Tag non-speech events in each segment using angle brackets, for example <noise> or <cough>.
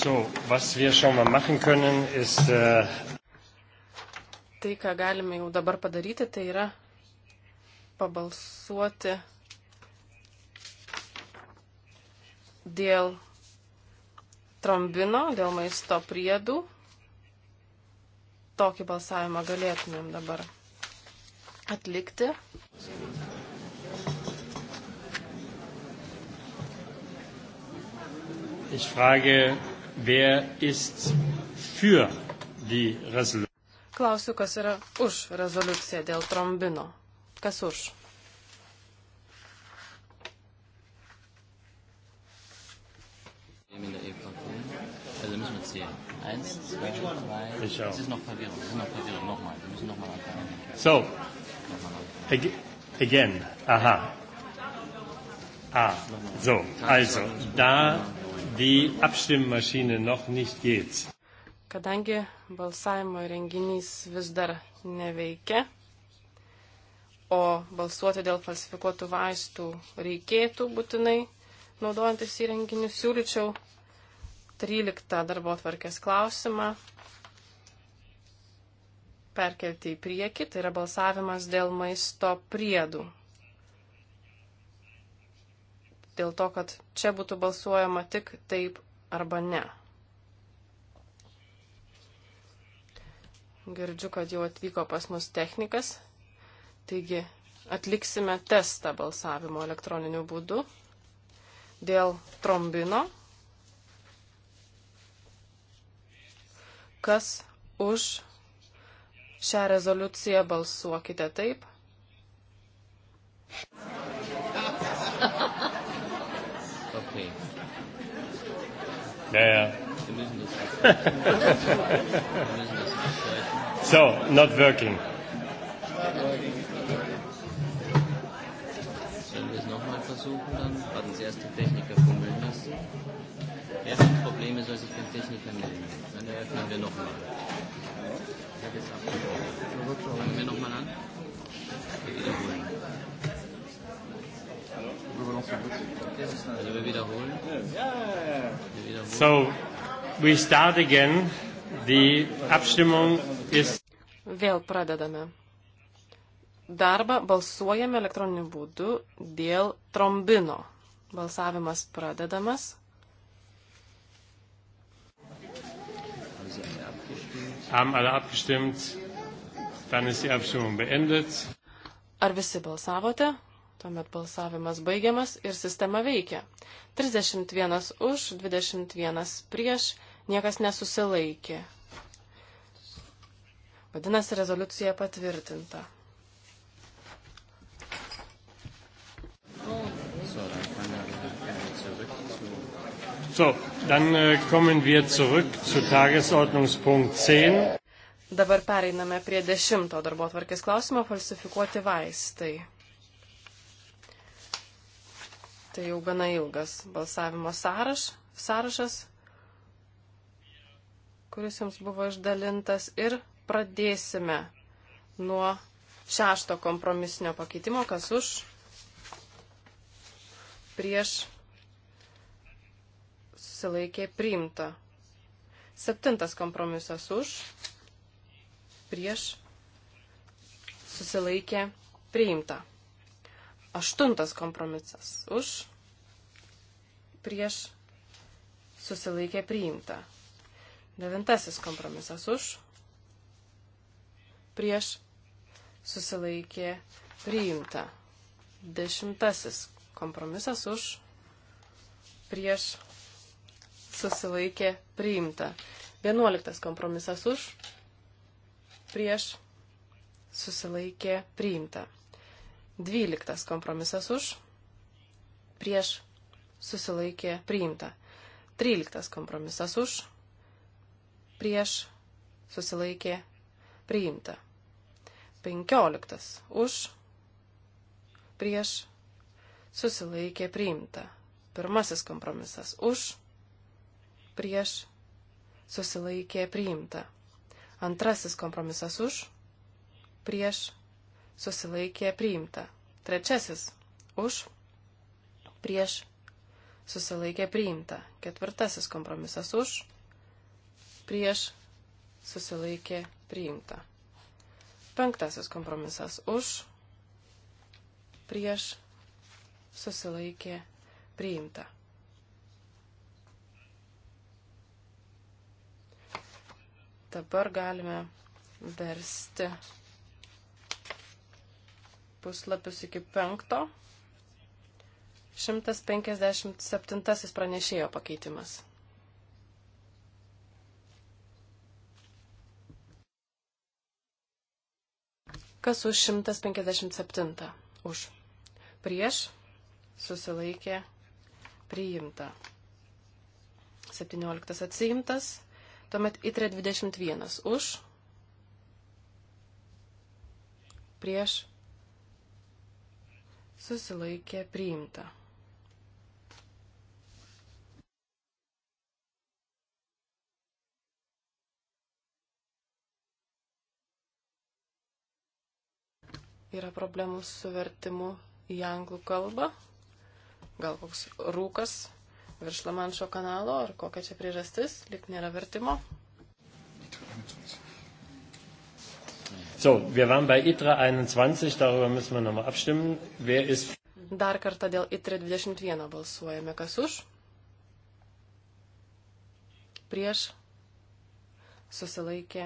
So, was wir schon mal machen können, ist. Äh... Tai, ką galime jau dabar padaryti, tai yra pabalsuoti dėl trombino, dėl maisto priedų. Tokį balsavimą galėtumėm dabar atlikti. Ich frage, wer ist für die Resolution? Klausiu, kas yra už rezoliuciją dėl trombino. Kas už? Eins, zwei, drei. Ich auch. Es ist noch verwirrend. Es ist noch verwirrend. Nochmal. Wir müssen nochmal anfangen. So. Nochmal Again. Aha. Ah. So. Also. Da die Abstimmmaschine noch nicht geht. Kadangi balsavimo renginys vis dar neveikia, o balsuoti dėl falsifikuotų vaistų reikėtų būtinai, naudojantis įrenginiu, siūlyčiau 13 darbo atvarkės klausimą perkelti į priekį, tai yra balsavimas dėl maisto priedų dėl to, kad čia būtų balsuojama tik taip arba ne. Girdžiu, kad jau atvyko pas mus technikas, taigi atliksime testą balsavimo elektroniniu būdu dėl trombino. Kas už šią rezoliuciją balsuokite taip. <laughs> Ja, ja. <laughs> so, not working. Sollen wir es nochmal versuchen dann? Warten Sie erst den Techniker fummeln lassen. Wer hat Probleme, soll sich den Techniker melden. Dann eröffnen wir nochmal. Ich habe jetzt abgebrochen. Fangen wir nochmal an. Wir wiederholen. Also wir wiederholen. Wir wiederholen. So, we start again. Die Abstimmung ist. Vėl pradedame. Darbą balsuojame elektroniniu būdu dėl trombino. Balsavimas pradedamas. Haben alle abgestimmt? Dann ist die Abstimmung beendet. Ar visi balsavote? Tuomet balsavimas baigiamas ir sistema veikia. 31 už, 21 prieš, niekas nesusilaikė. Vadinasi, rezoliucija patvirtinta. So, dann äh, kommen wir zurück zu Tagesordnungspunkt 10. Dabar pereiname prie dešimto darbo tvarkės klausimo - falsifikuoti vaistai. Tai jau gana ilgas balsavimo sąraš, sąrašas, kuris jums buvo išdalintas. Ir pradėsime nuo šešto kompromisinio pakeitimo, kas už, prieš, susilaikė priimta. Septintas kompromisas už, prieš, susilaikė priimta. Aštuntas kompromisas. Už, prieš, susilaikė priimta. Devintasis kompromisas. Už, prieš, susilaikė priimta. Dešimtasis kompromisas. Už, prieš, susilaikė priimta. Vienuoliktas kompromisas. Už, prieš, susilaikė priimta. 12 kompromisas už, prieš susilaikė priimta. 13 kompromisas už, prieš susilaikė priimta. 15 už, prieš susilaikė priimta. Pirmasis kompromisas už, prieš susilaikė priimta. Antrasis kompromisas už, prieš susilaikė priimta. Trečiasis už, prieš susilaikė priimta. Ketvirtasis kompromisas už, prieš susilaikė priimta. Penktasis kompromisas už, prieš susilaikė priimta. Dabar galime versti puslapius iki penkto. 157 pranešėjo pakeitimas. Kas už 157? Už. Prieš susilaikė priimta. 17 atsiimtas. Tuomet itre 21. Už. Prieš susilaikė priimta. Yra problemų su vertimu į anglų kalbą. Gal koks rūkas virš Lamanšo kanalo ar kokia čia priežastis, lik nėra vertimo. Įtvirtinti. So, wir waren bei ITRA e 21, darüber müssen wir nochmal abstimmen. Wer ist... Dar kartą dėl ITRA 21 e balsuojame. Kas už? Prieš susilaikė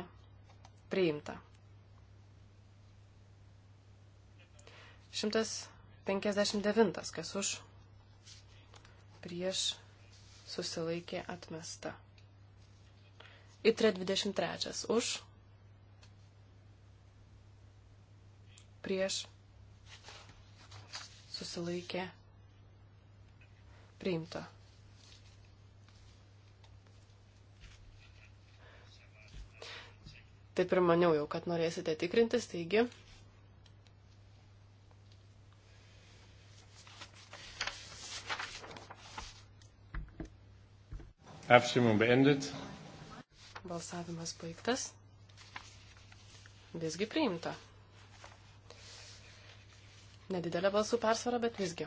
priimta. 159. Kas už? Prieš susilaikė atmesta. ITRA e 23. Už? prieš susilaikė priimta. Taip ir maniau jau, kad norėsite tikrintis, taigi. Abstimmung beendet. Balsavimas baigtas. Visgi priimta. Nedidelė balsų persvara, bet visgi.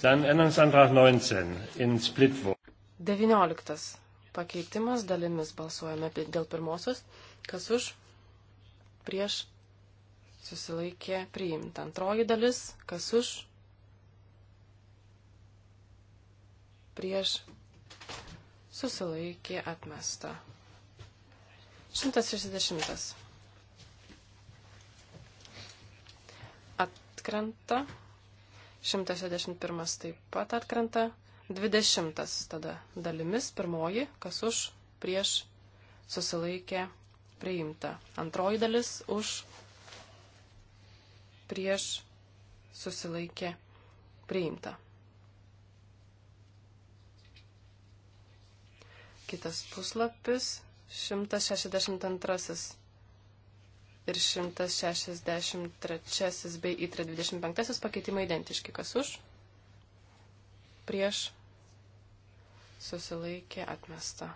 Dann Änderungsantrag 19 in Split Vote. 19. Pakeitimas dalimis balsuojame dėl pirmosios. Kas už? Prieš susilaikė priimta. Antroji dalis. Kas už? prieš susilaikė atmesta. 160. Atkrenta. 161 taip pat atkrenta. 20 tada dalimis. Pirmoji, kas už, prieš susilaikė priimta. Antroji dalis už, prieš susilaikė priimta. Kitas puslapis 162 ir 163 bei įtrė 25 pakeitimai identiški. Kas už? Prieš susilaikė atmesta.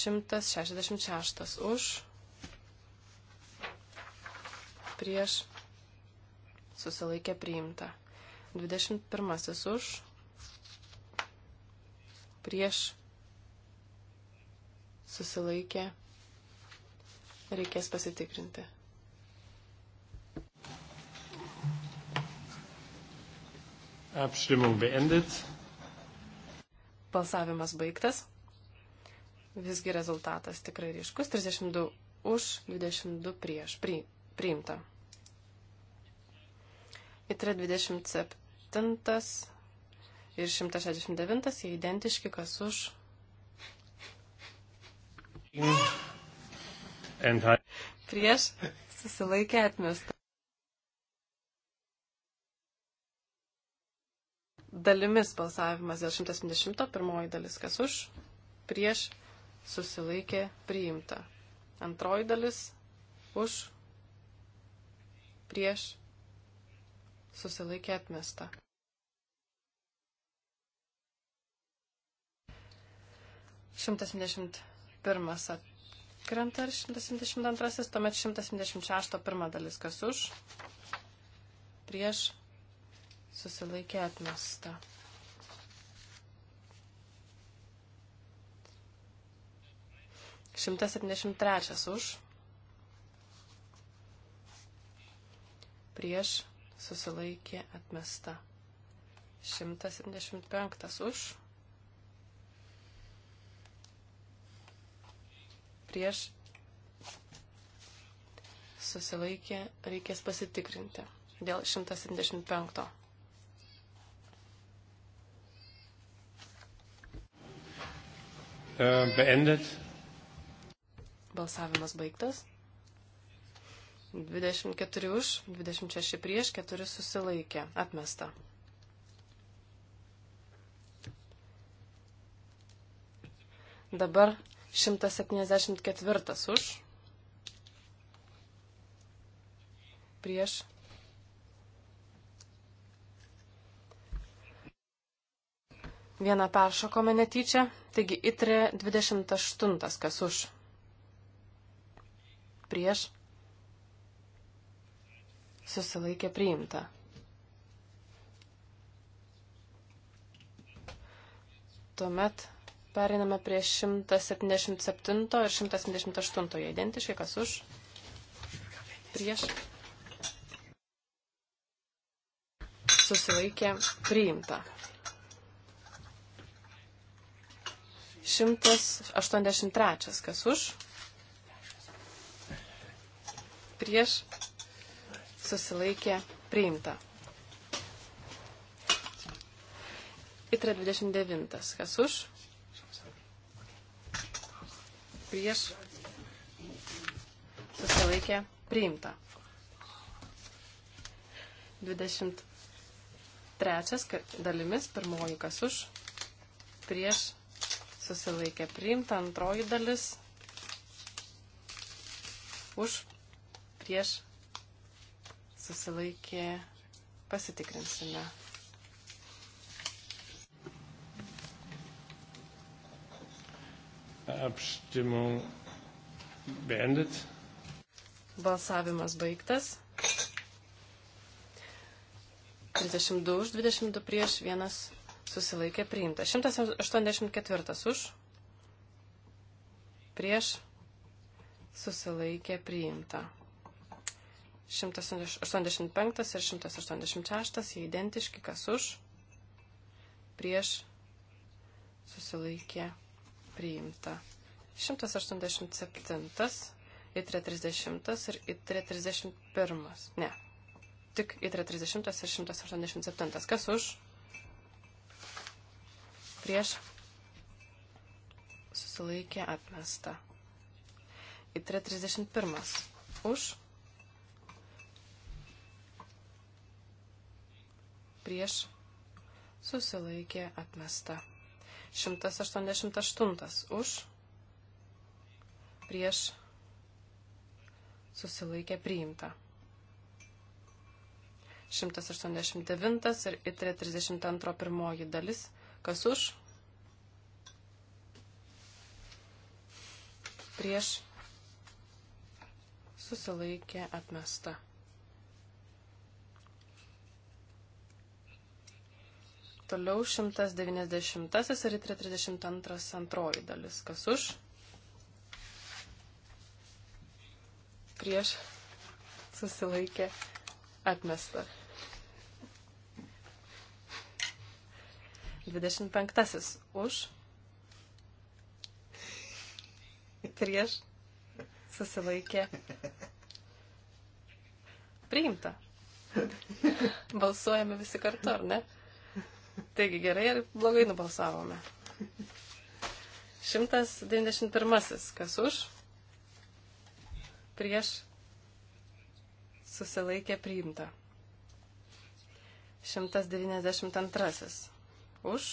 166 už. Prieš susilaikė priimta. 21 už. Prieš susilaikė, reikės pasitikrinti. Abstimmung beendet. Balsavimas baigtas. Visgi rezultatas tikrai ryškus. 32 už, 22 prieš. Pri, priimta. Įtre 27 ir 169 jie identiški, kas už Prieš susilaikė atmestą. Dalimis balsavimas dėl 170, pirmoji dalis kas už, prieš susilaikė priimta. Antroji dalis už, prieš susilaikė atmesta. Šimtas dvidešimt 171 atkrenta ir 172, tuomet 176 pirma dalis, kas už, prieš, susilaikė atmesta. Šimtas septyniasdešimt trečias už, prieš, susilaikė atmesta. Šimtas septyniasdešimt penktas už, prieš susilaikė, reikės pasitikrinti dėl 175. Äh, beendet. Balsavimas baigtas. 24 už, 26 prieš, 4 susilaikė. Atmesta. Dabar 174 už. Prieš. Vieną peršokome netyčia, taigi itrė 28, kas už. Prieš. Susilaikė priimta. Tuomet Periname prie 177 ir 178 identiškai, kas už, prieš, susilaikė, priimta. 183, kas už, prieš, susilaikė, priimta. Itra 29, kas už, prieš susilaikė priimta. 23 dalimis, pirmoji kas už, prieš susilaikė priimta, antroji dalis už, prieš susilaikė pasitikrinsime. Abstimmung beendet. Balsavimas baigtas. 32 už, 22 prieš, 1 susilaikė priimta. 184 už, prieš, susilaikė priimta. 185 ir 186, jie identiški, kas už, prieš, susilaikė priimta priimta. 187, ITRE 30 ir ITRE 31. Ne. Tik ITRE 30 ir 187. Kas už? Prieš susilaikė atmesta. ITRE 31. Už? Prieš susilaikė atmesta. 188 už, prieš susilaikė priimta. 189 ir itrė 32 pirmoji dalis, kas už, prieš susilaikė atmesta. Toliau 190 ir 32 antroji dalis. Kas už? Prieš susilaikė atmesta. 25 už. Prieš susilaikė. Priimta. Balsuojame visi kartu, ar ne? Taigi gerai ir blogai nubalsavome. 191. Kas už? Prieš susilaikė priimta. 192. Už?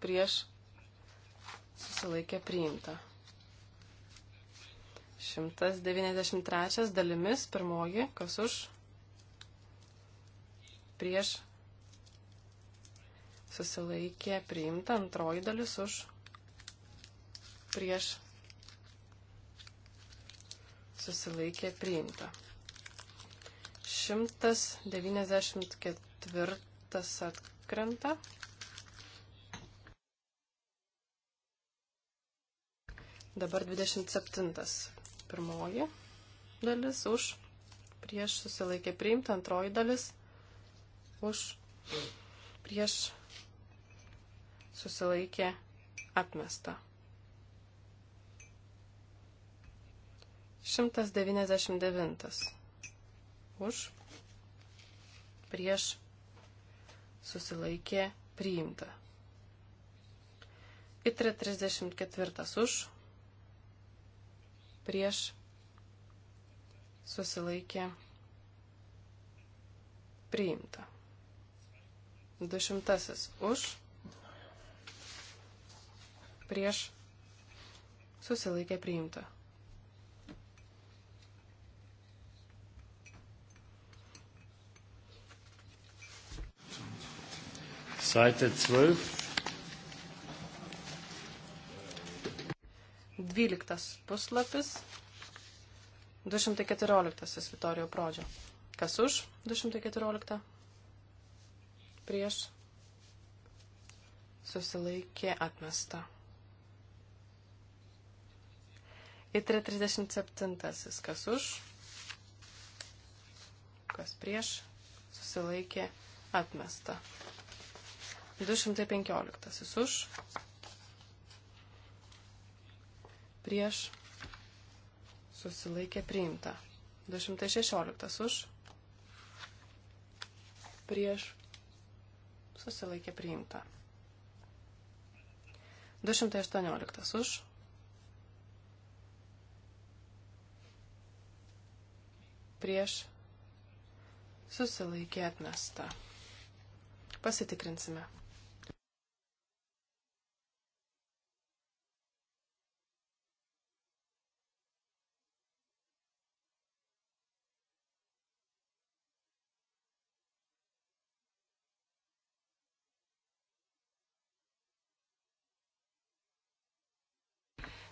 Prieš susilaikė priimta. 193 dalimis, pirmoji, kas už, prieš susilaikė priimta antroji dalis už prieš susilaikė priimta. 194 atkrenta. Dabar 27. Pirmoji dalis už, prieš susilaikė priimta, antroji dalis už, prieš susilaikė atmesta. 199. Už, prieš, susilaikė, priimta. Itra 34. Už, prieš, susilaikė, priimta. 200. Už, prieš prieš susilaikė priimta. Seite 12. 12 puslapis. 214 Vitorijo Prodžio. Kas už 214? Prieš. Susilaikė atmesta. Įtrė 37. Kas už, kas prieš, susilaikė, atmesta. 215. Už, prieš, susilaikė, priimta. 216. Už, prieš, susilaikė, priimta. 218. Už, prieš susilaikė atmesta. Pasitikrinsime.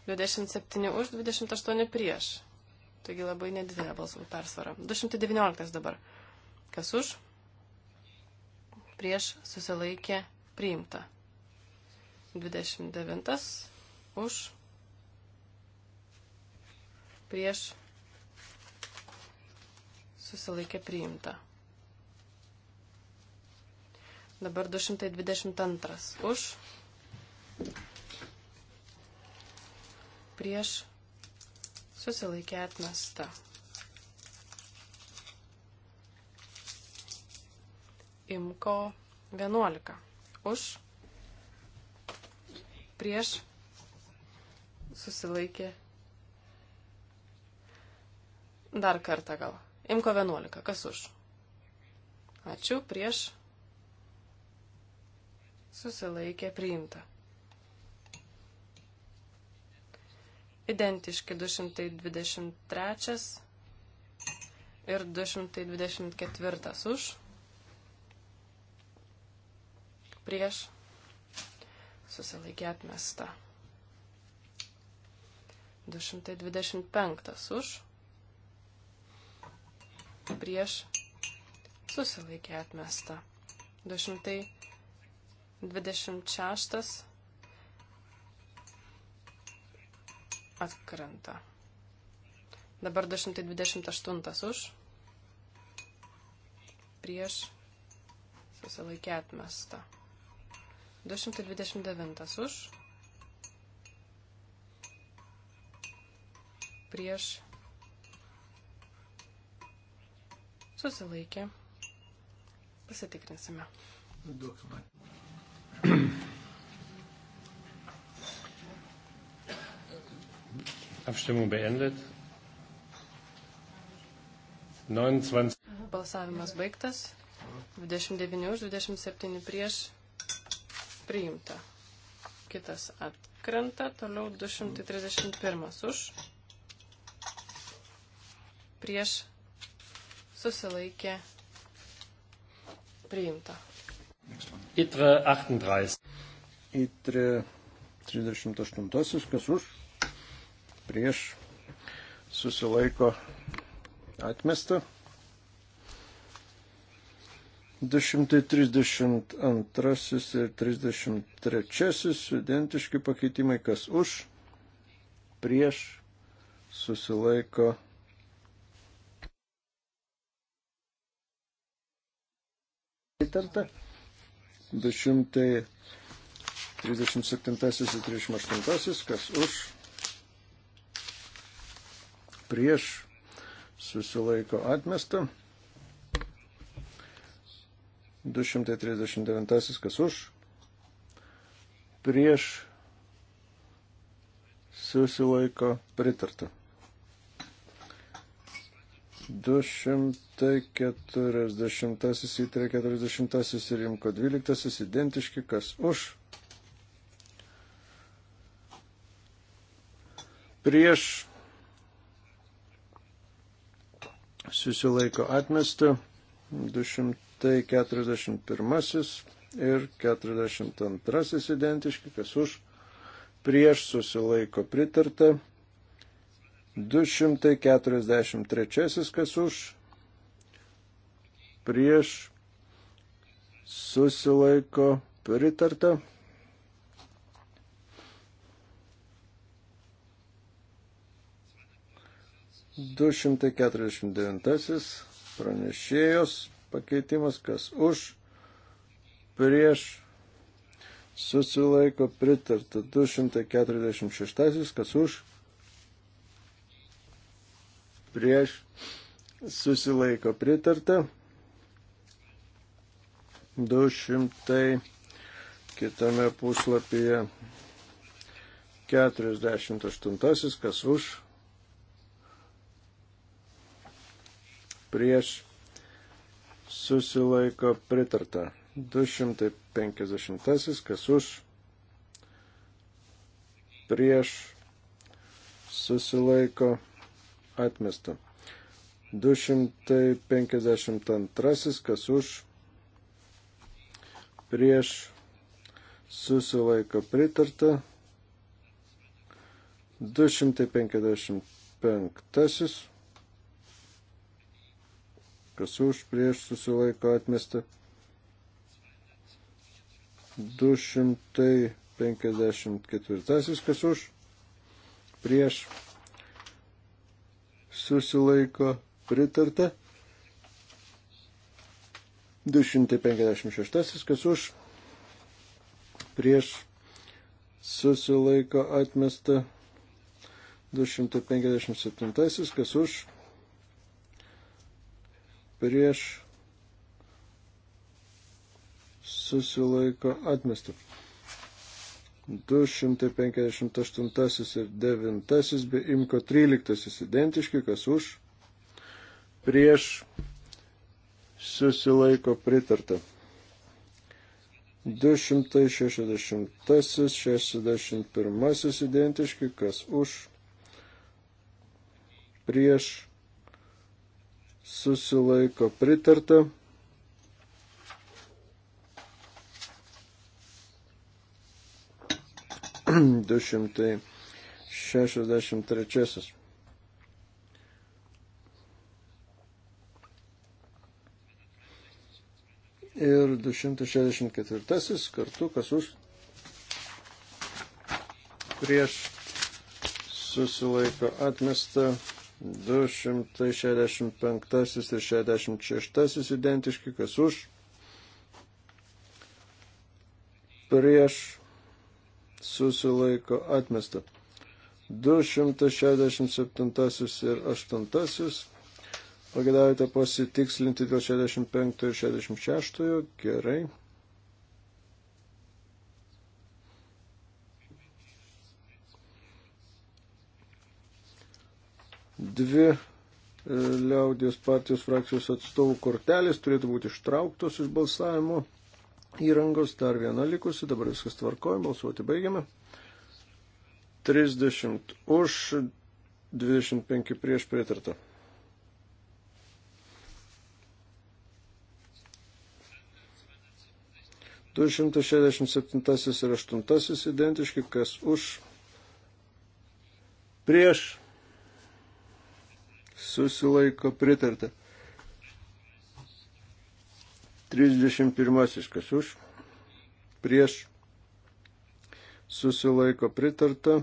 Dvidešimt septyni už, dvidešimt aštuoni prieš. Taigi labai nedidelė balsų persvara. 219 dabar. Kas už? Prieš susilaikė priimta. 29 už. Prieš susilaikė priimta. Dabar 222 už prieš susilaikė atmesta. Imko 11. Už, prieš, susilaikė. Dar kartą gal. Imko 11. Kas už? Ačiū, prieš, susilaikė, priimta. Identiški 223 ir 224 už. Prieš susilaikė atmesta. 225 už. Prieš susilaikė atmesta. 226 atkrenta. Dabar 228 už. Prieš susilaikė atmesta. 229 už. Prieš susilaikė. Pasitikrinsime. Duokime. Apštimų beendit. 29. Balsavimas baigtas. 29 už, 27 prieš. Priimta. Kitas atkrenta. Toliau 231 už. Prieš. Susilaikė. Priimta. Itre 38. Itre 38. Kas už? prieš susilaiko atmesta. 232 ir 33 identiški pakeitimai, kas už, prieš, susilaiko. Įtarta. 237 ir 38, kas už, prieš susilaiko atmesta. 239 kas už prieš susilaiko pritarta. 240 į 340 ir rimko 12 identiški, kas už. Prieš susilaiko atmesta 241 ir 42 identiški, kas už, prieš susilaiko pritarta 243 kas už, prieš susilaiko pritarta 249 pranešėjos pakeitimas, kas už, prieš, susilaiko pritarta. 246, kas už, prieš, susilaiko pritarta. 200 kitame puslapyje 48, kas už, prieš susilaiko pritarta. 250, kas už, prieš susilaiko atmesta. 252, kas už, prieš susilaiko pritarta. 255 kas už prieš susilaiko atmesta. 254, kas už prieš susilaiko pritarta. 256, kas už prieš susilaiko atmesta. 257, kas už prieš susilaiko atmestą. 258 ir 9 bei imko 13 identiški, kas už, prieš susilaiko pritarta. 260, 61 identiški, kas už, prieš susilaiko pritarta. <clears throat> Du šimtai šešiasdešimt trečiasis. Ir 264 kartu, kas už prieš susilaiko atmesta 265 ir 66 identiški, kas už, prieš susilaiko atmesta. 267 ir 8. Pagėdavote pasitikslinti dėl 65 ir 66. Gerai. dvi e, liaudės partijos frakcijos atstovų kortelės turėtų būti ištrauktos iš balsavimo įrangos, dar viena likusi, dabar viskas tvarkoja, balsuoti baigiame. 30 už, 25 prieš pritarta. Du šimtas šešiasdešimt septintasis ir aštuntasis identiški, kas už prieš susilaiko pritarta. 31. Kas už? Prieš susilaiko pritarta.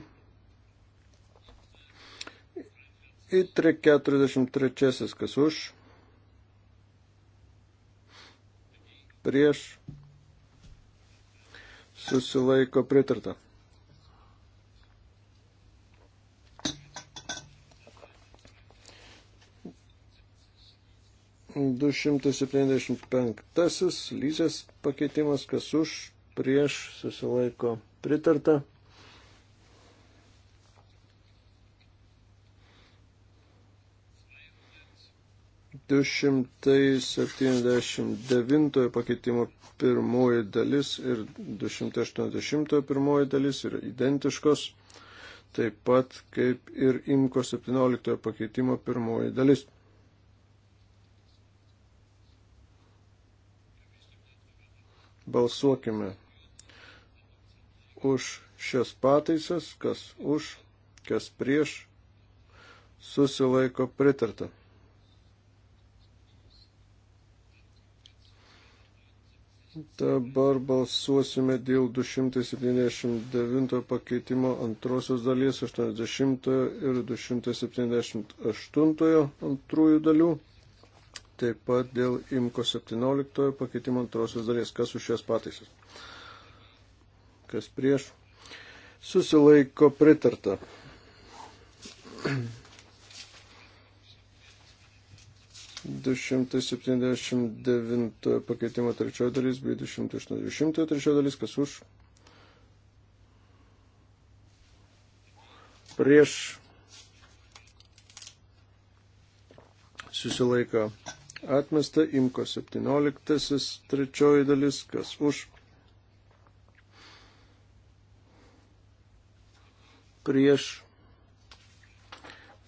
Į 43. Kas už? Prieš susilaiko pritarta. 275 lyzės pakeitimas, kas už, prieš, susilaiko pritarta. Du šimtai septyniasdešimt devintojo pakeitimo pirmoji dalis ir du šimtai aštuoniasdešimtojo pirmoji dalis yra identiškos, taip pat kaip ir imko septynioliktojo pakeitimo pirmoji dalis. Balsuokime už šias pataisas, kas už, kas prieš, susilaiko pritarta. Dabar balsuosime dėl 279 pakeitimo antrosios dalies, 80 ir 278 antrųjų dalių taip pat dėl IMKO 17 pakeitimo antrosios dalies. Kas už šias pataisas? Kas prieš? Susilaiko pritarta. Du šimtai septyniasdešimt devintojo pakeitimo trečioji dalis, bei du šimtai aštuoniasdešimtojo trečioji dalis, kas už? Prieš susilaiko atmesta, imko 17, trečioji dalis, kas už, prieš,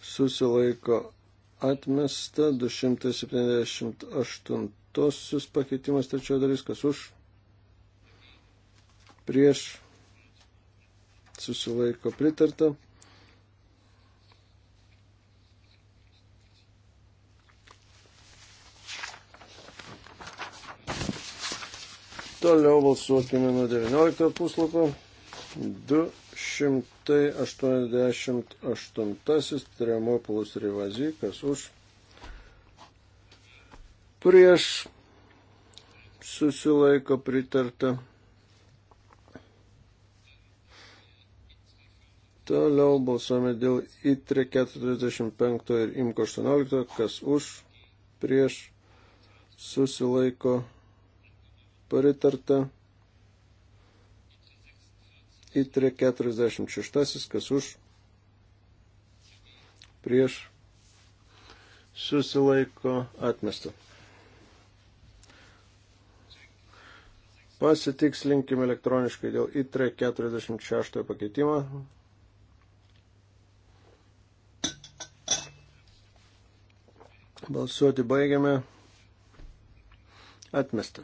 susilaiko atmesta, 278 pakeitimas, trečioji dalis, kas už, prieš, susilaiko pritarta. Toliau balsuokime nuo 19 puslapio. 288 Tremopolis Rivazikas už prieš susilaiko pritarta. Toliau balsuojame dėl ITRE 45 ir IMKO 18, kas už, prieš, susilaiko, Pritarta. Įtrė 46, kas už. Prieš. Susilaiko atmesta. Pasitikslinkim elektroniškai dėl ITRE 46 pakeitimo. Balsuoti baigiame. Atmesta.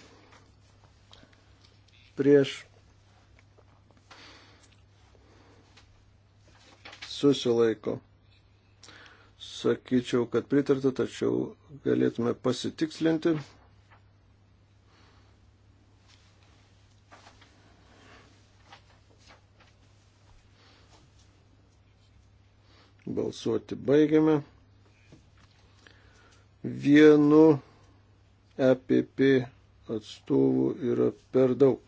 prieš susilaiko. Sakyčiau, kad pritarta, tačiau galėtume pasitikslinti. Balsuoti baigiame. Vienu EPP atstovų yra per daug.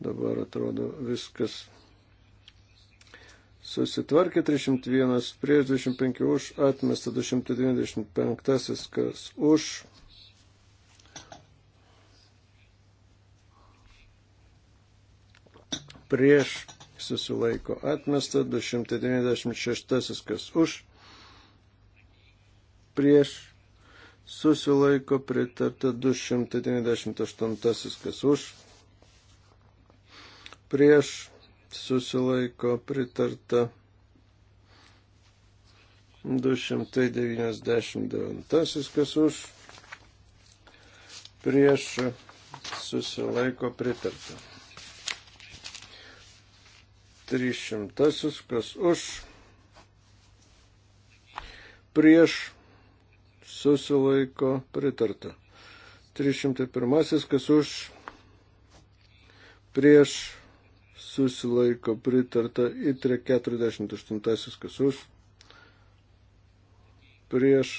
Dabar atrodo viskas susitvarkė 301 prieš 25 už, atmesta 295, kas už. Prieš susilaiko atmesta 296, kas už. Prieš susilaiko pritarta 298, kas už prieš susilaiko pritarta 299, kas už prieš susilaiko pritarta. 300, kas už prieš susilaiko pritarta. 301, kas už prieš susilaiko pritarta įtre 48 kas už, prieš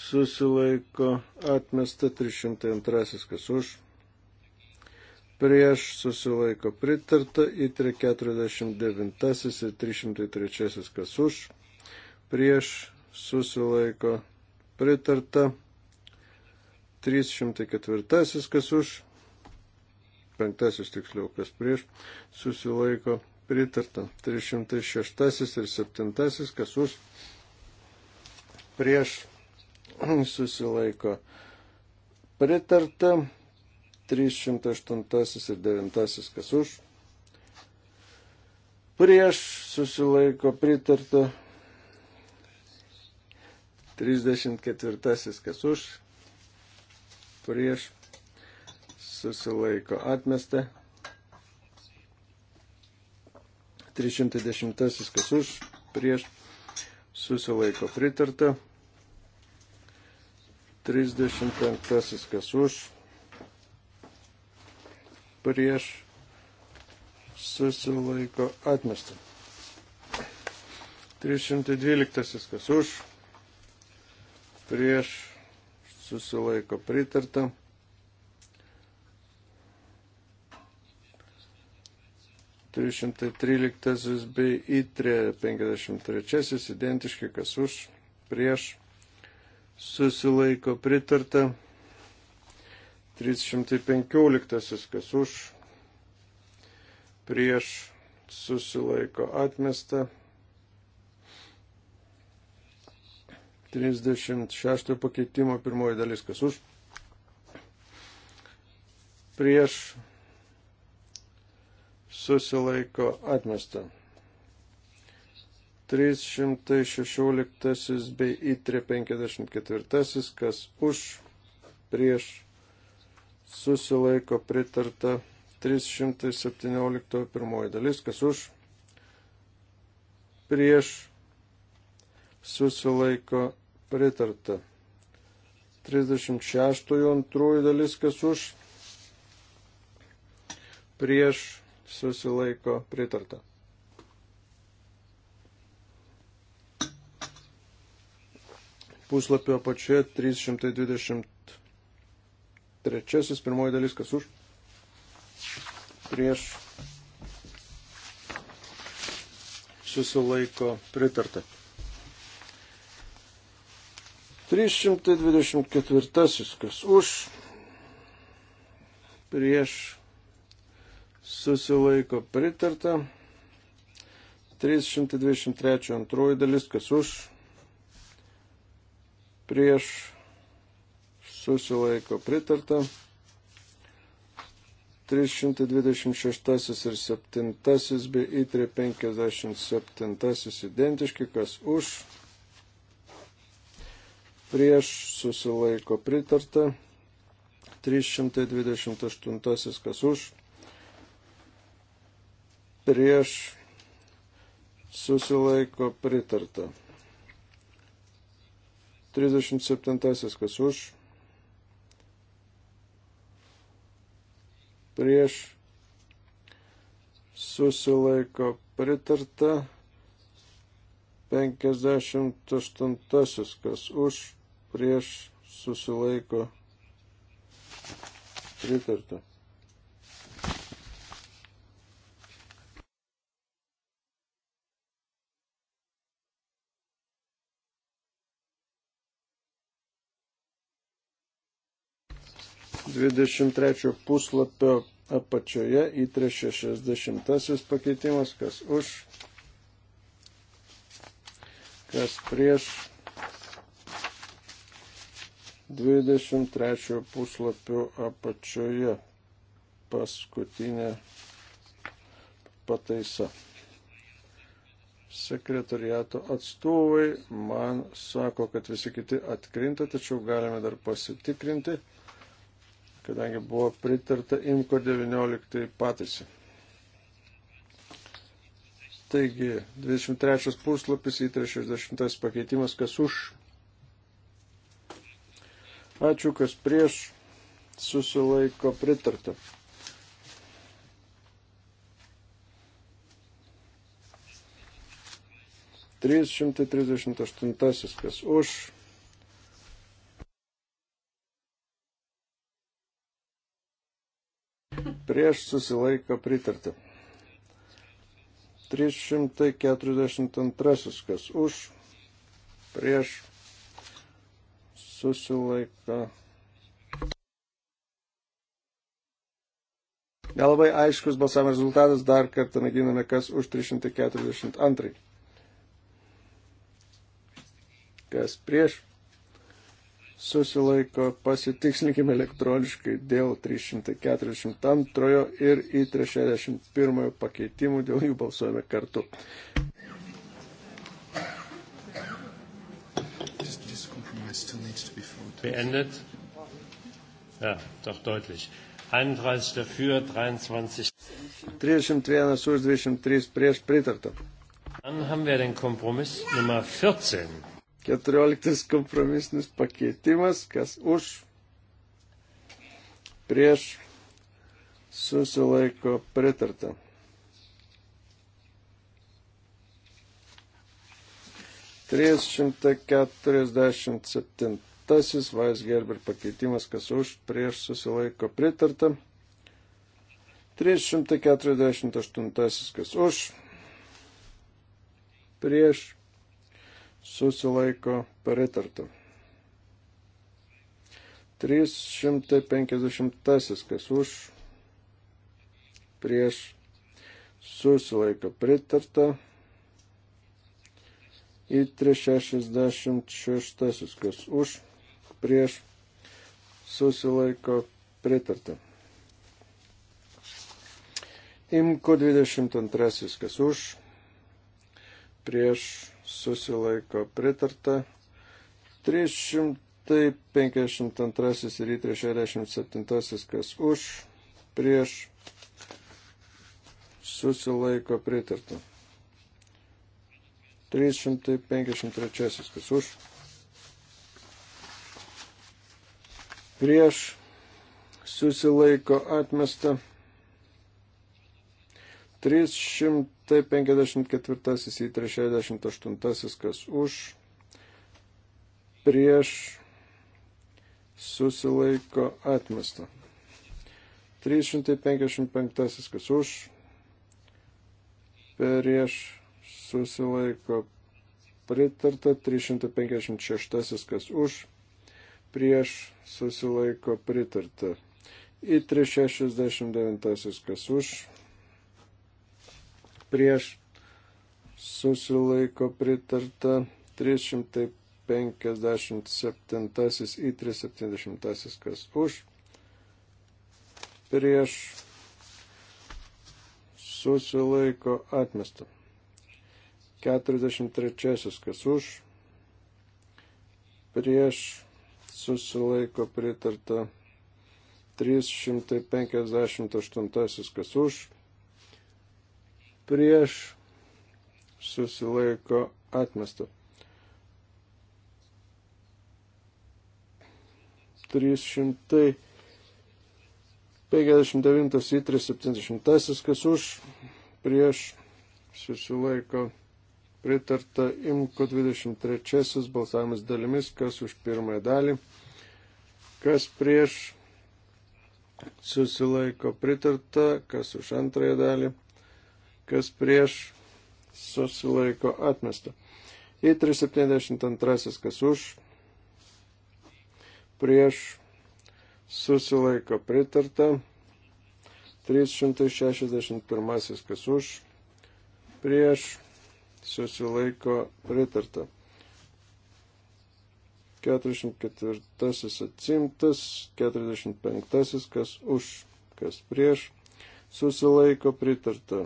susilaiko atmesta 302 kas už, prieš susilaiko pritarta įtre 49 ir 303 kas už, prieš susilaiko pritarta 304 kas už 305 tiksliau, kas prieš, susilaiko pritarta. 306 ir 7, <clears throat> kas už, prieš, susilaiko pritarta. 308 ir 9, kas už, prieš, susilaiko pritarta. 34, kas už, prieš, susilaiko atmesta. 310 kas už, prieš, susilaiko pritarta. 35 kas už, prieš, susilaiko atmesta. 312 kas už, prieš, susilaiko pritarta. 313 bei įtrė 53 identiški, kas už, prieš, susilaiko pritarta. 315 kas už, prieš, susilaiko atmesta. 36 pakeitimo pirmoji dalis kas už, prieš, susilaiko atmesta. 316 bei įtrė 54, kas už, prieš, susilaiko pritarta 317 pirmoji dalis, kas už, prieš, susilaiko pritarta 36 antroji dalis, kas už, prieš, susilaiko pritarta. Puslapio apačioje 323. Pirmoji dalis, kas už. Prieš susilaiko pritarta. 324. Kas už. Prieš susilaiko pritarta. 323 antroji dalis, kas už, prieš, susilaiko pritarta. 326 ir 7 bei įtrė 57 identiški, kas už, prieš, susilaiko pritarta. 328 kas už, prieš susilaiko pritarta. 37. kas už, prieš susilaiko pritarta. 58. kas už, prieš susilaiko pritarta. 23 puslapio apačioje įtrė 60 pakeitimas, kas už, kas prieš 23 puslapio apačioje paskutinė pataisa. Sekretariato atstovai man sako, kad visi kiti atkrinta, tačiau galime dar pasitikrinti kadangi buvo pritarta IMCO 19 pataisai. Taigi, 23 puslapis į 30 pakeitimas, kas už. Ačiū, kas prieš susilaiko pritarta. Trys šimtai trisdešimt aštuntasis, kas už prieš susilaiko pritarti. 342, kas už, prieš susilaiko. Nelabai aiškus balsavimo rezultatas, dar kartą mėginame, kas už 342. Kas prieš susilaiko, pasitikslinkime elektroniškai dėl 342 ir į 361 pakeitimų, dėl jų balsuojame kartu. Beendet. Ja, doch deutlich. 31 dafür, 23. 31 už 23 prieš pritarta. Dann haben wir den Kompromiss Nummer 14. 14 kompromisinis pakeitimas, kas už, prieš, susilaiko pritarta. Trys šimtai keturiasdešimt septintasis Vaisgerber pakeitimas, kas už, prieš, susilaiko pritarta. 348, kas už, prieš, susilaiko pritarta. 350 kas už, prieš susilaiko pritarta. Į 366 kas už, prieš susilaiko pritarta. Imko 22 kas už, prieš susilaiko pritarta. 352 ir 367, kas už, prieš, susilaiko pritarta. 353, kas už, prieš, susilaiko atmesta. 354 į 368, kas už, prieš, susilaiko atmesta. 355, kas už, prieš, susilaiko pritarta. 356, kas už, prieš, susilaiko pritarta. Į 369, kas už, prieš susilaiko pritarta 357 į 370, kas už prieš susilaiko atmesta. 43, kas už prieš susilaiko pritarta 358, kas už prieš susilaiko atmesta. 359 į 370, kas už prieš susilaiko pritarta imko 23 balsavimas dalimis, kas už pirmąją dalį, kas prieš susilaiko pritarta, kas už antrąją dalį kas prieš susilaiko atmesta. Į 372, kas už, prieš susilaiko pritarta. 361, kas už, prieš susilaiko pritarta. 44 atsimtas, 45 kas už, kas prieš, susilaiko pritarta.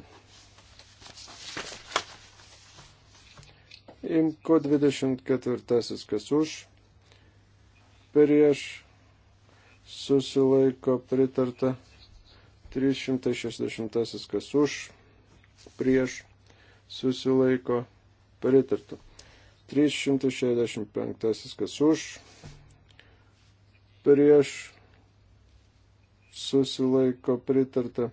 Imko 24, kas už, prieš, susilaiko pritarta. 360, kas už, prieš, susilaiko pritarta. 365, kas už, prieš, susilaiko pritarta.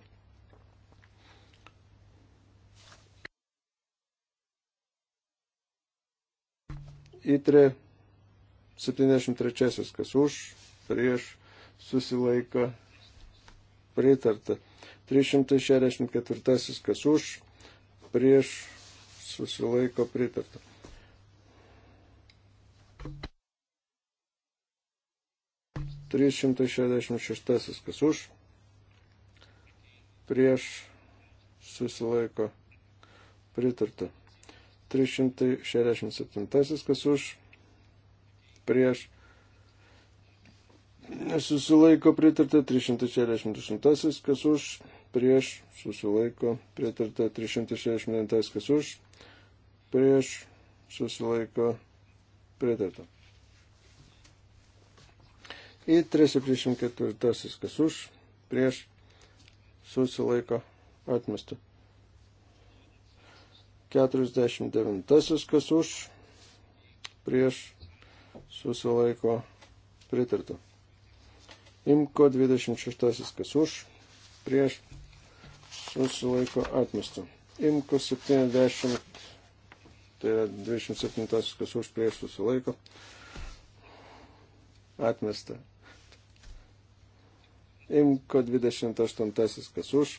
Itre 73, kas už, prieš, susilaiko, pritarta. 364, kas už, prieš, susilaiko, pritarta. Trys šimtai šešiasdešimt šeštasis, kas už, prieš, susilaiko, pritarta. 367, kas už, prieš, susilaiko pritarta 368, kas už, prieš, susilaiko pritarta 369, kas už, prieš, susilaiko pritarta. Į 374, kas už, prieš, susilaiko atmesta. 49. Kas už? Prieš susilaiko pritarta. Imko 26. Kas už? Prieš susilaiko atmesta. Imko 70. Tai yra 27. Kas už? Prieš susilaiko atmesta. Imko 28. Kas už?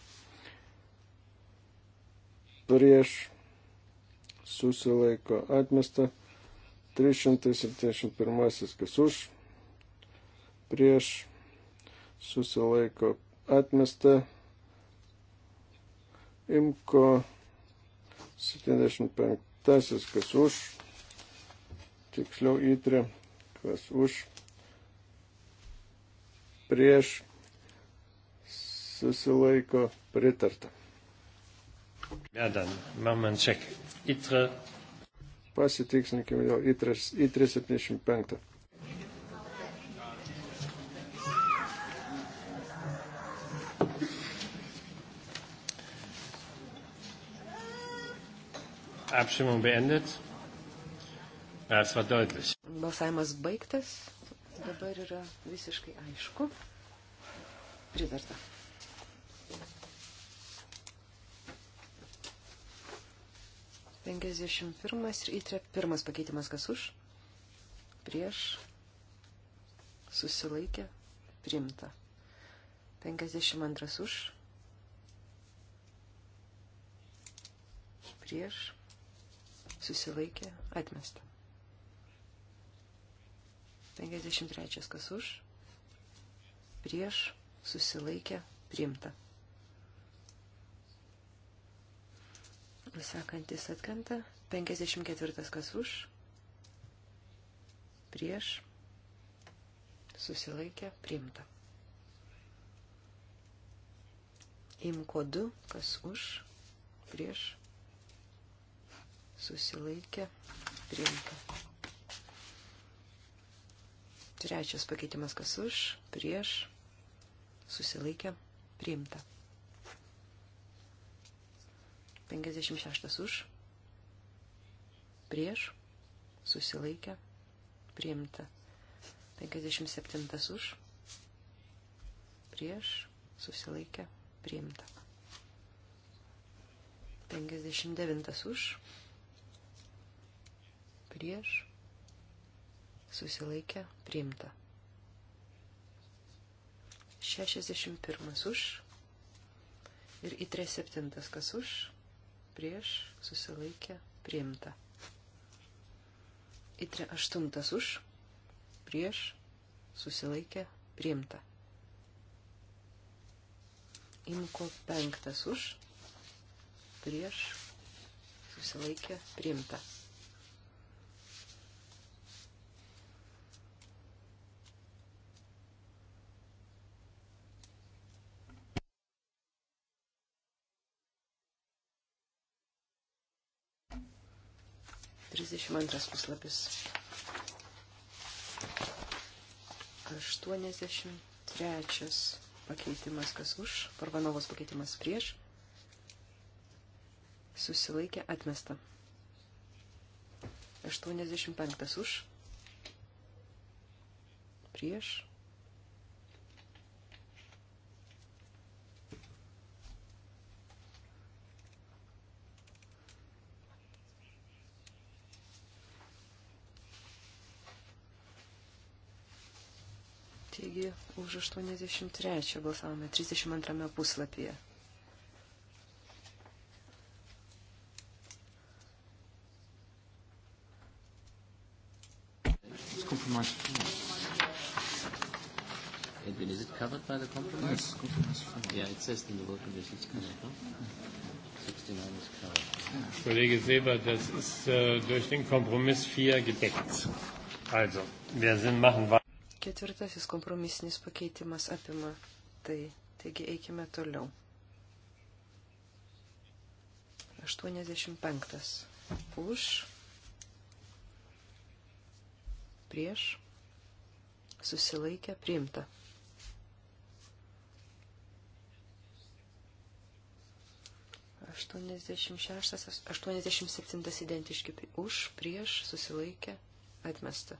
Prieš susilaiko atmesta. 371 kas už, prieš susilaiko atmesta. Imko 75 kas už, tiksliau įtrė, kas už, prieš susilaiko pritarta. Ja, dan, man check. Itre. Pasitiksninkime dėl ITRE 75. Abstimmung beendet. Ja, es war deutlich. Balsavimas baigtas. Dabar yra visiškai aišku. Pritarta. 51 ir įtrė pirmas pakeitimas kas už, prieš, susilaikė, primta. 52 už, prieš, susilaikė, atmesta. 53 kas už, prieš, susilaikė, primta. Sekantis atkanta. 54 kas už. Prieš. Susilaikė. Priimta. Imko 2 kas už. Prieš. Susilaikė. Priimta. Trečias pakeitimas kas už. Prieš. Susilaikė. Priimta. 56 už, prieš, susilaikę, priimta. 57 už, prieš, susilaikę, priimta. 59 už, prieš, susilaikę, priimta. 61 už ir į 37 kas už prieš, susilaikė, priimta. Itre aštuntas už, prieš, susilaikė, priimta. Imko penktas už, prieš, susilaikė, priimta. 22 puslapis. 83 pakeitimas, kas už, Parvanovos pakeitimas prieš, susilaikė atmesta. 85 už, prieš, Taigi už 83 balsavome 32 puslapyje. compromise four. Edwin, is it covered by the compromise? Yes, compromise four. Yeah, it says in the work conditions it's covered. Huh? 69 is covered. Kollege Seber, das ist äh, durch den Kompromiss 4 gedeckt. Also, wir sind, machen weiter. Ketvirtasis kompromisinis pakeitimas apima tai. Taigi eikime toliau. 85. Už. Prieš. Susilaikę priimta. Aštuoniasdešimt šeštas, aštuoniasdešimt septintas identiški už, prieš, susilaikę, atmesta.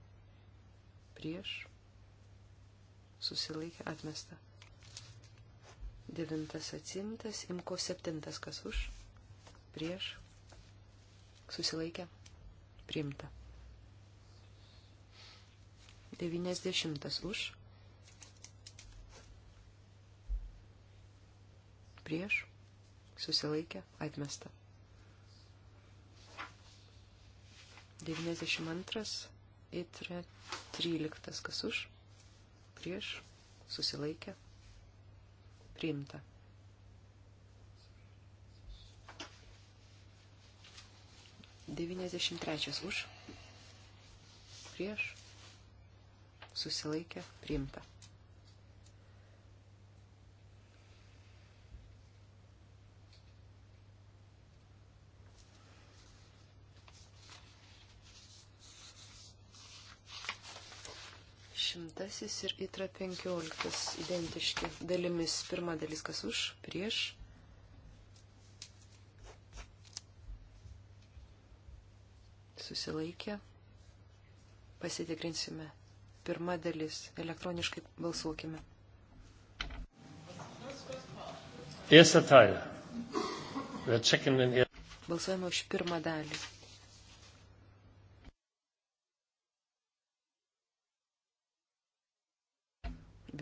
prieš, susilaikė atmesta. Devintas atsimtas, imko septintas, kas už, prieš, susilaikė, priimta. Devyniasdešimtas už, prieš, susilaikė, atmesta. 92 ir 13. Kas už? Prieš? Susilaikė? Priimta. Devyniasdešimt trečias už, prieš, susilaikė, priimta. 10 ir itra 15 identiški dalimis. Pirma dalis kas už, prieš. Susilaikė. Pasitikrinsime. Pirma dalis. Elektroniškai balsuokime. Balsuojame už pirmą dalį.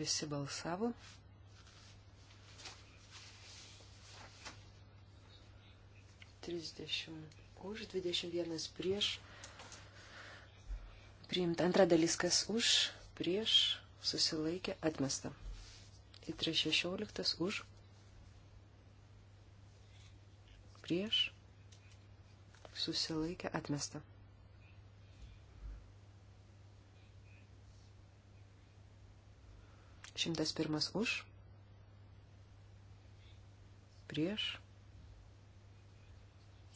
visi balsavo. Trisdešimt už, dvidešimt vienas prieš. Priimta antra dalis, kas už, prieš, susilaikė, atmesta. Į 316 už, prieš, susilaikė, atmesta. Šimtas pirmas už. Prieš.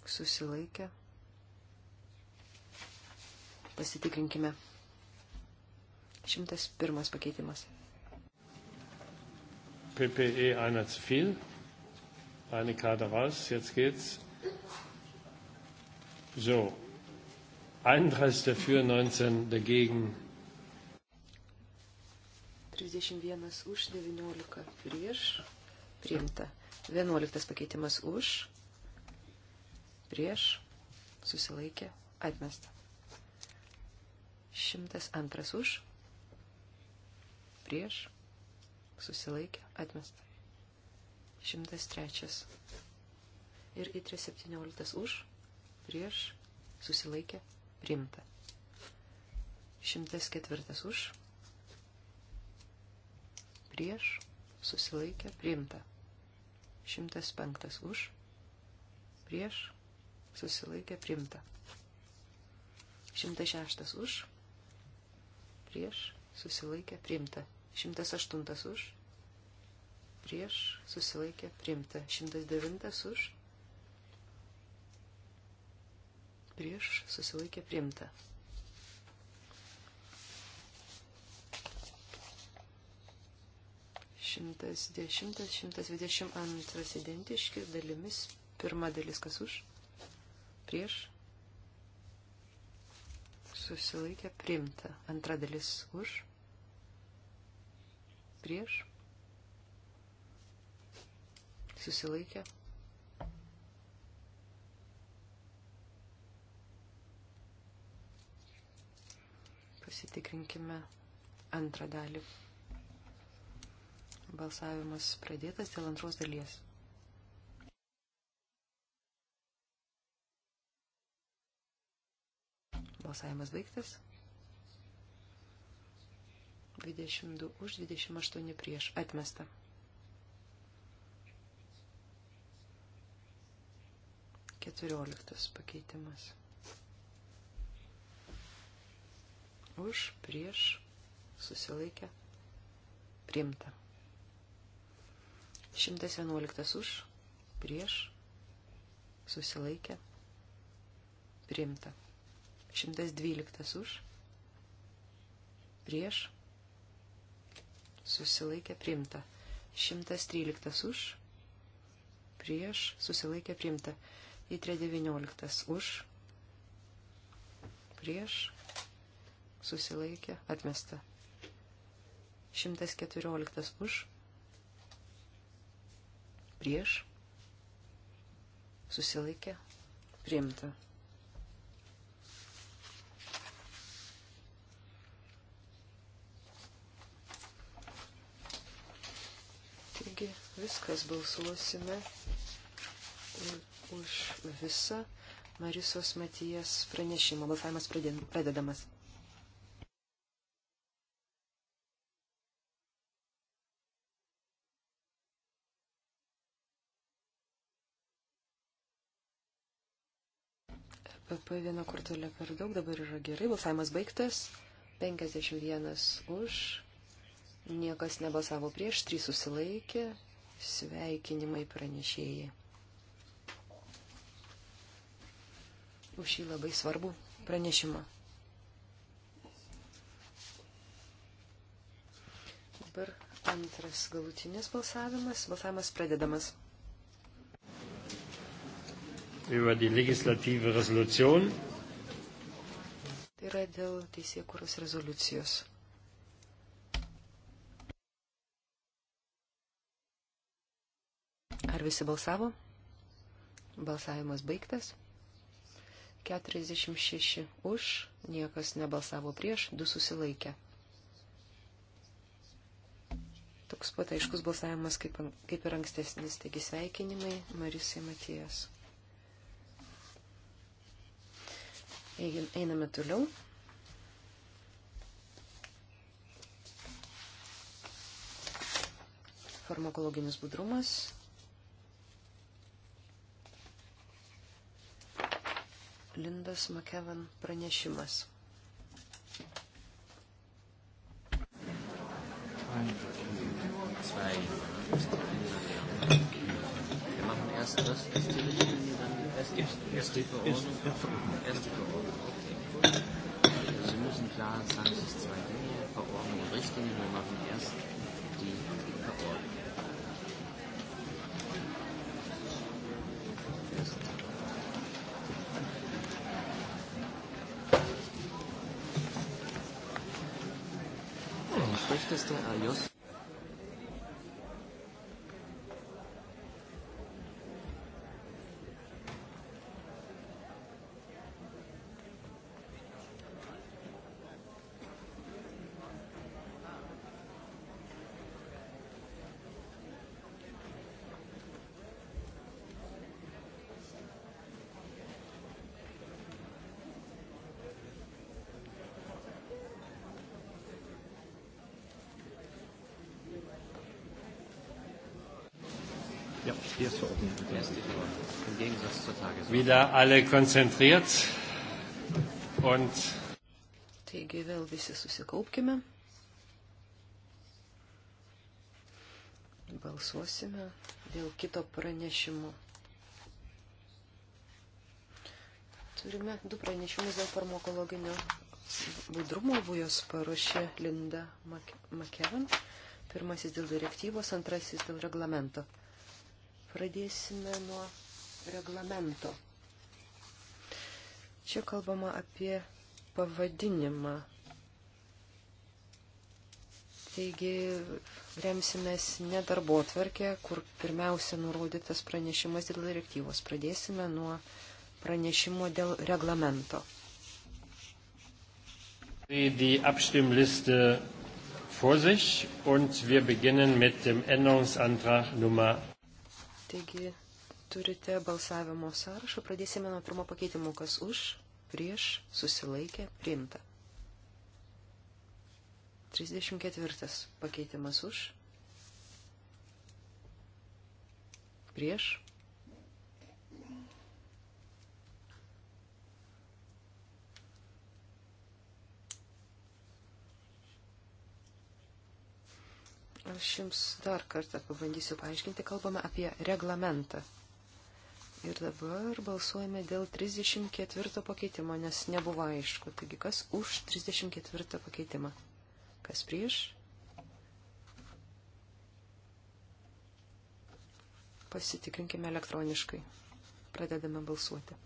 Susilaikę. Pasitikrinkime. Šimtas pirmas pakeitimas. PPE einer zu viel. Eine Karte raus, jetzt geht's. So, 31 dafür, 19 dagegen 31 už, 19 prieš, priimta. 11 pakeitimas už, prieš, susilaikė, atmesta. 102 už, prieš, susilaikė, atmesta. 103 ir į 317 už, prieš, susilaikė, priimta. 104 už, prieš, susilaikė, priimta. 105 už, prieš, susilaikė, priimta. 106 už, prieš, susilaikė, priimta. 108 už, prieš, susilaikė, priimta. 109 už, prieš, susilaikė, priimta. 110, 122 identiški dalimis. Pirma dalis kas už, prieš, susilaikė primta. Antra dalis už, prieš, susilaikė. Pasitikrinkime antrą dalį. Balsavimas pradėtas dėl antros dalies. Balsavimas baigtas. 22 už, 28 prieš. Atmesta. Keturioliktas pakeitimas. Už, prieš, susilaikę, primta. 111 už, prieš, susilaikė, priimta. 112 už, prieš, susilaikė, priimta. 113 už, prieš, susilaikė, priimta. Į 319 už, prieš, susilaikė, atmesta. 114 už, prieš, susilaikė, priimta. Taigi viskas balsuosime už visą Marisos Matijas pranešimą. Balsavimas pradedamas. PP viena kortelė per daug, dabar yra gerai, balsavimas baigtas, 51 už, niekas nebalsavo prieš, 3 susilaikė, sveikinimai pranešėjai. Už šį labai svarbų pranešimą. Dabar antras galutinis balsavimas, balsavimas pradedamas über die legislative Resolution. Tai yra dėl teisėkuros rezoliucijos. Ar visi balsavo? Balsavimas baigtas. 46 už, niekas nebalsavo prieš, du susilaikė. Toks pat aiškus balsavimas kaip, kaip ir ankstesnis, taigi sveikinimai Marisai Matijas. Einame toliau. Farmakologinis budrumas. Lindas McKevan pranešimas. Zwei. Wir machen erst das, das Telefon, dann Erste erst, erst, erst, Also Sie müssen klar sagen, es ist zwei Dinge, Verordnung und Richtlinie. Wir machen erst die Verordnung. Verkehrsverordnung im Gegensatz zur Tagesordnung. Wieder alle konzentriert und. Taigi vėl visi susikaupkime. Balsuosime dėl kito pranešimo. Turime du pranešimus dėl farmakologinio budrumo, bujos paruošė Linda Makevan. Pirmasis dėl direktyvos, antrasis dėl reglamento. Pradėsime nuo reglamento. Čia kalbama apie pavadinimą. Taigi remsimės ne darbo tvarkė, kur pirmiausia nurodytas pranešimas dėl direktyvos. Pradėsime nuo pranešimo dėl reglamento. Die Abstimmliste vor sich und wir beginnen mit dem Änderungsantrag Nummer Taigi turite balsavimo sąrašą. Pradėsime nuo pirmo pakeitimo, kas už, prieš, susilaikė, priimta. 34 pakeitimas už, prieš, Aš jums dar kartą pabandysiu paaiškinti, kalbame apie reglamentą. Ir dabar balsuojame dėl 34 pakeitimo, nes nebuvo aišku. Taigi kas už 34 pakeitimą? Kas prieš? Pasitikrinkime elektroniškai. Pradedame balsuoti.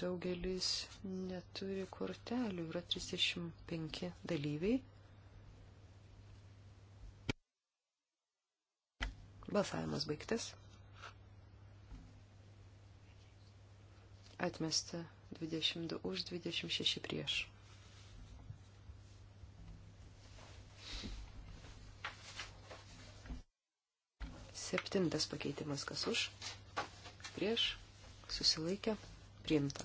daugelis neturi kortelių, yra 35 dalyviai. Balsavimas baigtas. Atmesta 22 už 26 prieš. Septintas pakeitimas kas už, prieš, susilaikė priimta.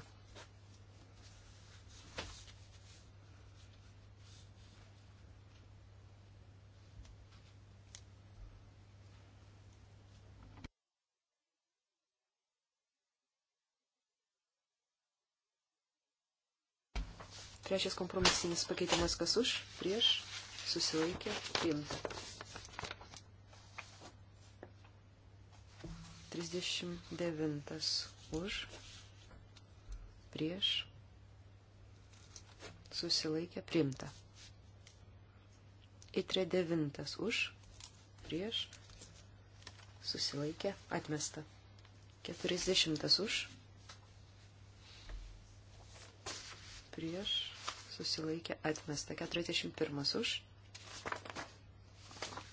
Trečias kompromisinis pakeitimas kas už, prieš, susilaikė, priimta. 39 už, prieš, susilaikė primta. Itre devintas už, prieš, susilaikė atmesta. Keturisdešimtas už, prieš, susilaikė atmesta. Keturiasdešimt pirmas už,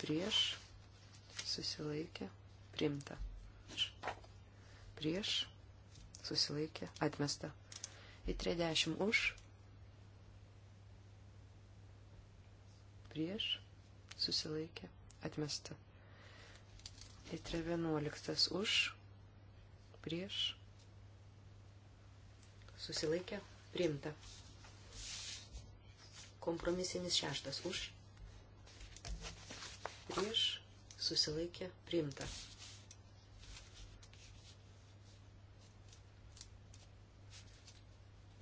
prieš, susilaikė primta. Prieš, susilaikė atmesta į 30 už, prieš, susilaikė, atmesta. Į 11 už, prieš, susilaikė, priimta. Kompromisinis šeštas už, prieš, susilaikė, priimta.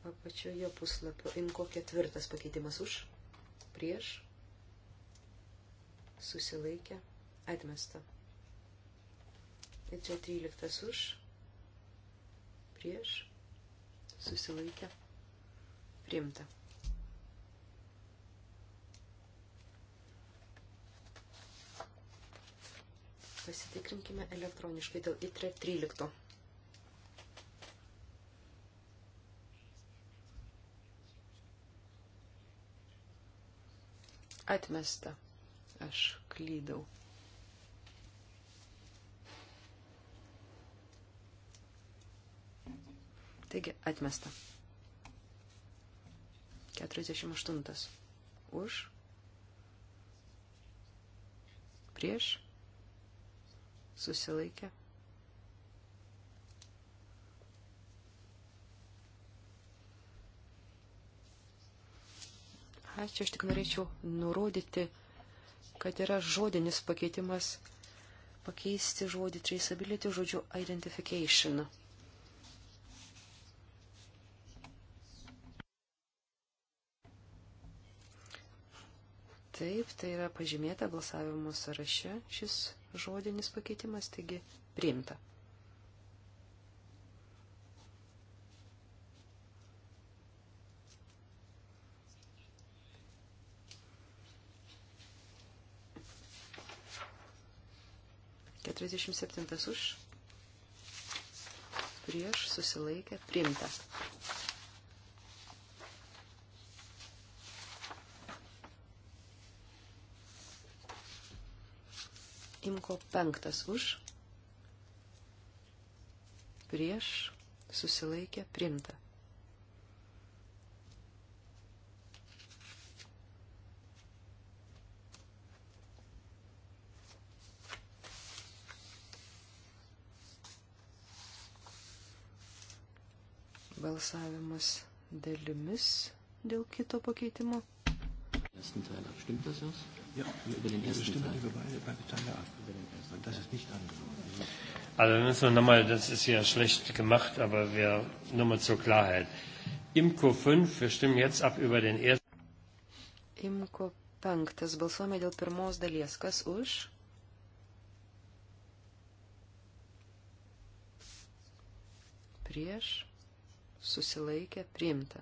apačioje puslapio imko ketvirtas pakeitimas už, prieš, susilaikė, atmesta. Ir čia tryliktas už, prieš, susilaikė, priimta. Pasitikrinkime elektroniškai dėl ITRE 13. Atmesta. Aš klydau. Taigi, atmesta. 48. Už. Prieš. Susilaikė. Ačiū, aš tik norėčiau nurodyti, kad yra žodinis pakeitimas pakeisti žodį traceability žodžiu identification. Taip, tai yra pažymėta balsavimo sąraše šis žodinis pakeitimas, taigi priimta. 137 už, prieš, susilaikė, priimta. Imko penktas už, prieš, susilaikė, priimta. balsavimas dalimis dėl kito pakeitimo. Ersten Teil ab. Stimmt das jetzt? Ja, über den ersten stimmen Teil. Über beide, beide Teile ab. Über den ersten Und das ist nicht angenommen. Also dann müssen wir nochmal, das ist ja schlecht gemacht, aber wir nur mal zur Klarheit. Imko 5, wir stimmen jetzt ab über den ersten. Imko 5, balsuojame dėl pirmos dalies. Kas už? Prieš susilaikė, priimta.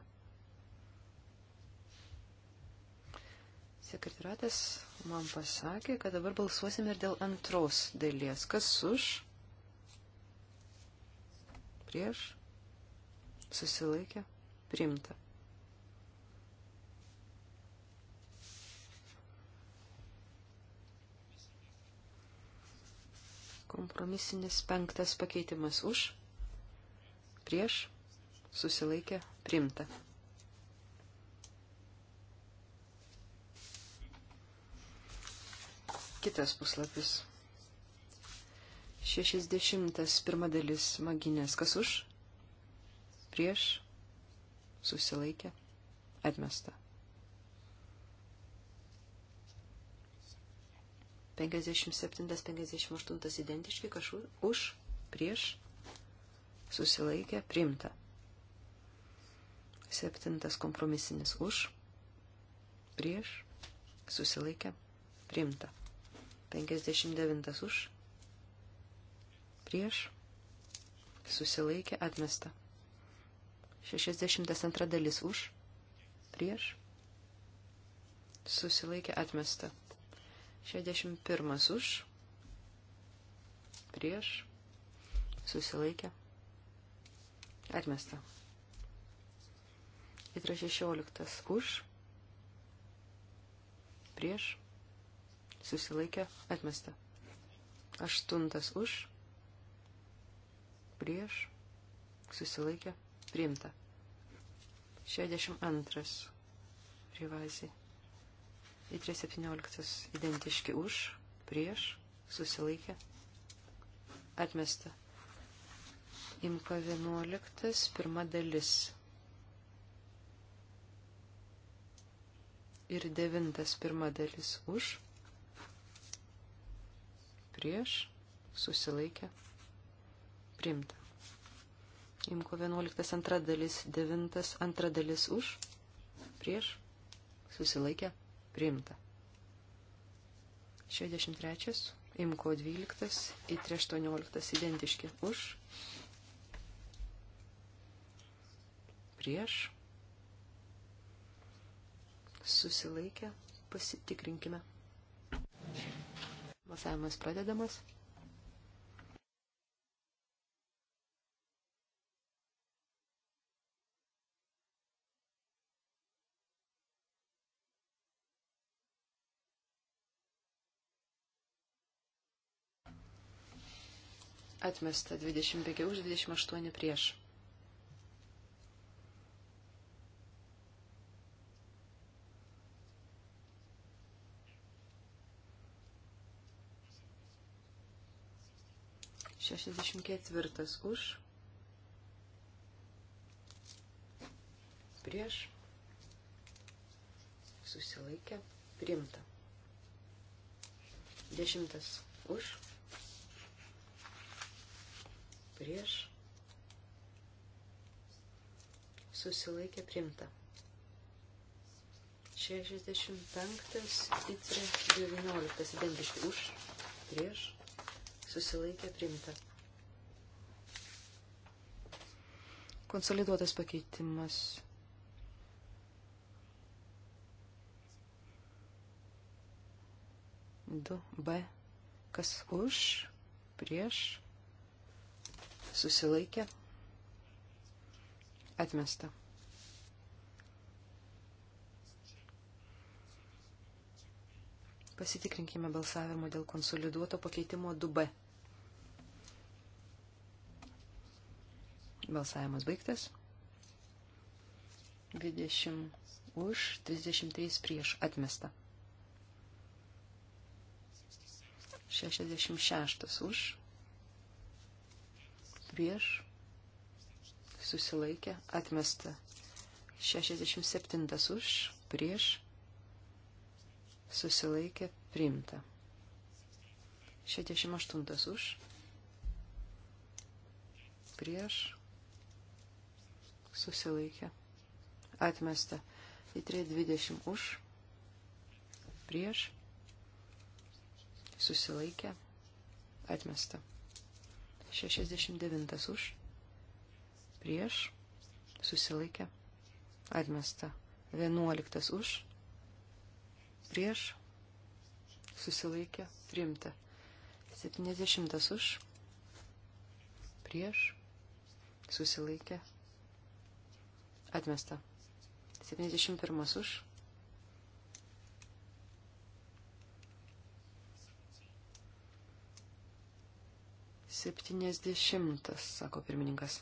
Sekretiratas man pasakė, kad dabar balsuosime ir dėl antros dalies. Kas už? Prieš? Susilaikė? Primta. Kompromisinis penktas pakeitimas už? Prieš? susilaikė, primta. Kitas puslapis. 61 dalis maginės. Kas už? Prieš? Susilaikė? Atmesta. 57-58 identiški, kažkur už, prieš, susilaikė, primta. Septintas kompromisinis už, prieš, susilaikė, priimta. 59 už, prieš, susilaikė, atmesta. 62 dalis už, prieš, susilaikė, atmesta. 61 už, prieš, susilaikė, atmesta. Itra 16 už, prieš, susilaikė, atmesta. Aštuntas už, prieš, susilaikė, priimta. 62 rivazė. Itra 17 identiški už, prieš, susilaikė, atmesta. Imko 11, pirma dalis ir devintas pirma dalis už, prieš, susilaikę, primta. Imko 11 antra dalis, 9 antra dalis už, prieš, susilaikę, primta. 63, Imko 12, į 18 identiški už, prieš, susilaikę, pasitikrinkime. Balsavimas pradedamas. Atmesta 25 už 28 prieš. 64 už. Prieš. Susilaikė. Primta. 10 už. Prieš. Susilaikė. Primta. 65 ir 19 identiški už, prieš, susilaikė primta. Konsoliduotas pakeitimas. Du B. Kas už, prieš, susilaikė, atmesta. Pasitikrinkime balsavimo dėl konsoliduoto pakeitimo 2B. Balsavimas baigtas. 20 už, 33 prieš atmesta. 66 už, prieš, susilaikė, atmesta. 67 už, prieš, susilaikė, priimta. 68 už, prieš, susilaikė, atmesta. Į 320 už, prieš, susilaikė, atmesta. 69 už, prieš, susilaikė, atmesta. 11 už, prieš, susilaikė, priimta. 70 už, prieš, susilaikė, Atmesta. 71 už. Septyniasdešimtas, sako pirmininkas.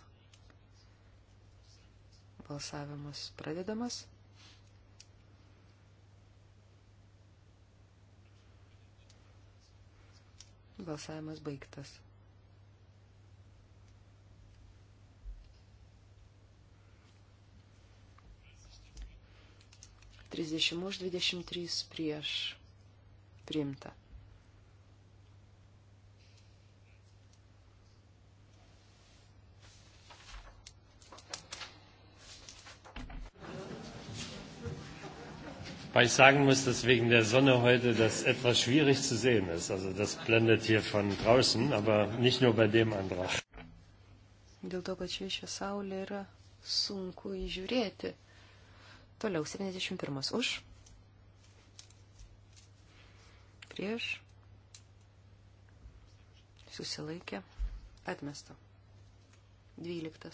Balsavimas pradedamas. Balsavimas baigtas. 30 už 23 prieš priimta. Weil ich sagen muss, dass wegen der Sonne heute das etwas schwierig zu sehen ist. Also das blendet hier von draußen, aber nicht nur bei dem Antrag. Dėl to, kad šviečia saulė, yra sunku įžiūrėti. Toliau 71 už. Prieš. Susilaikė. Atmesta. 12.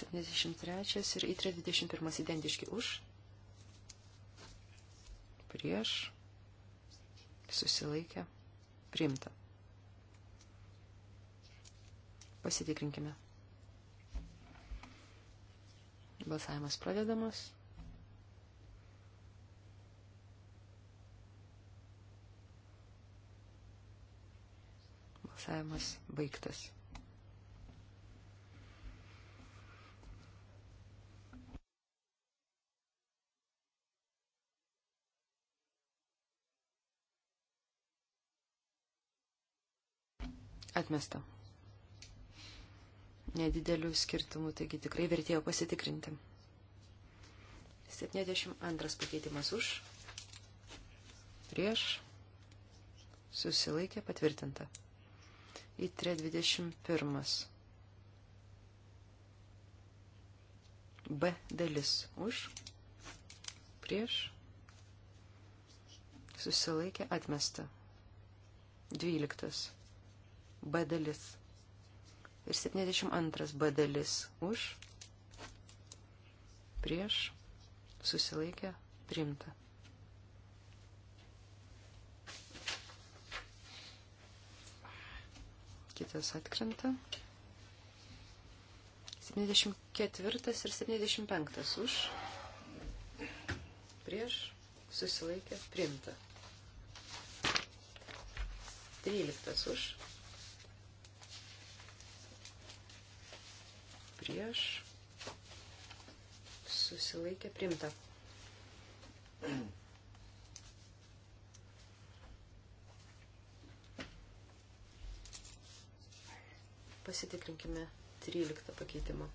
Septyniasdešimt trečias ir į 31 identiški už, prieš, susilaikę, priimta. Pasitikrinkime. Balsavimas pradedamas. Balsavimas baigtas. Atmesta nedidelių skirtumų, taigi tikrai vertėjo pasitikrinti. 72 pakeitimas už, prieš, susilaikė patvirtinta. Į 321. B dalis už, prieš, susilaikė atmesta. 12. B dalis ir 72 B dalis už, prieš, susilaikę, primta. Kitas atkrenta. 74 ir 75 už, prieš, susilaikę, primta. 13 už, prieš, susilaikė primta. Pasitikrinkime 13 pakeitimą.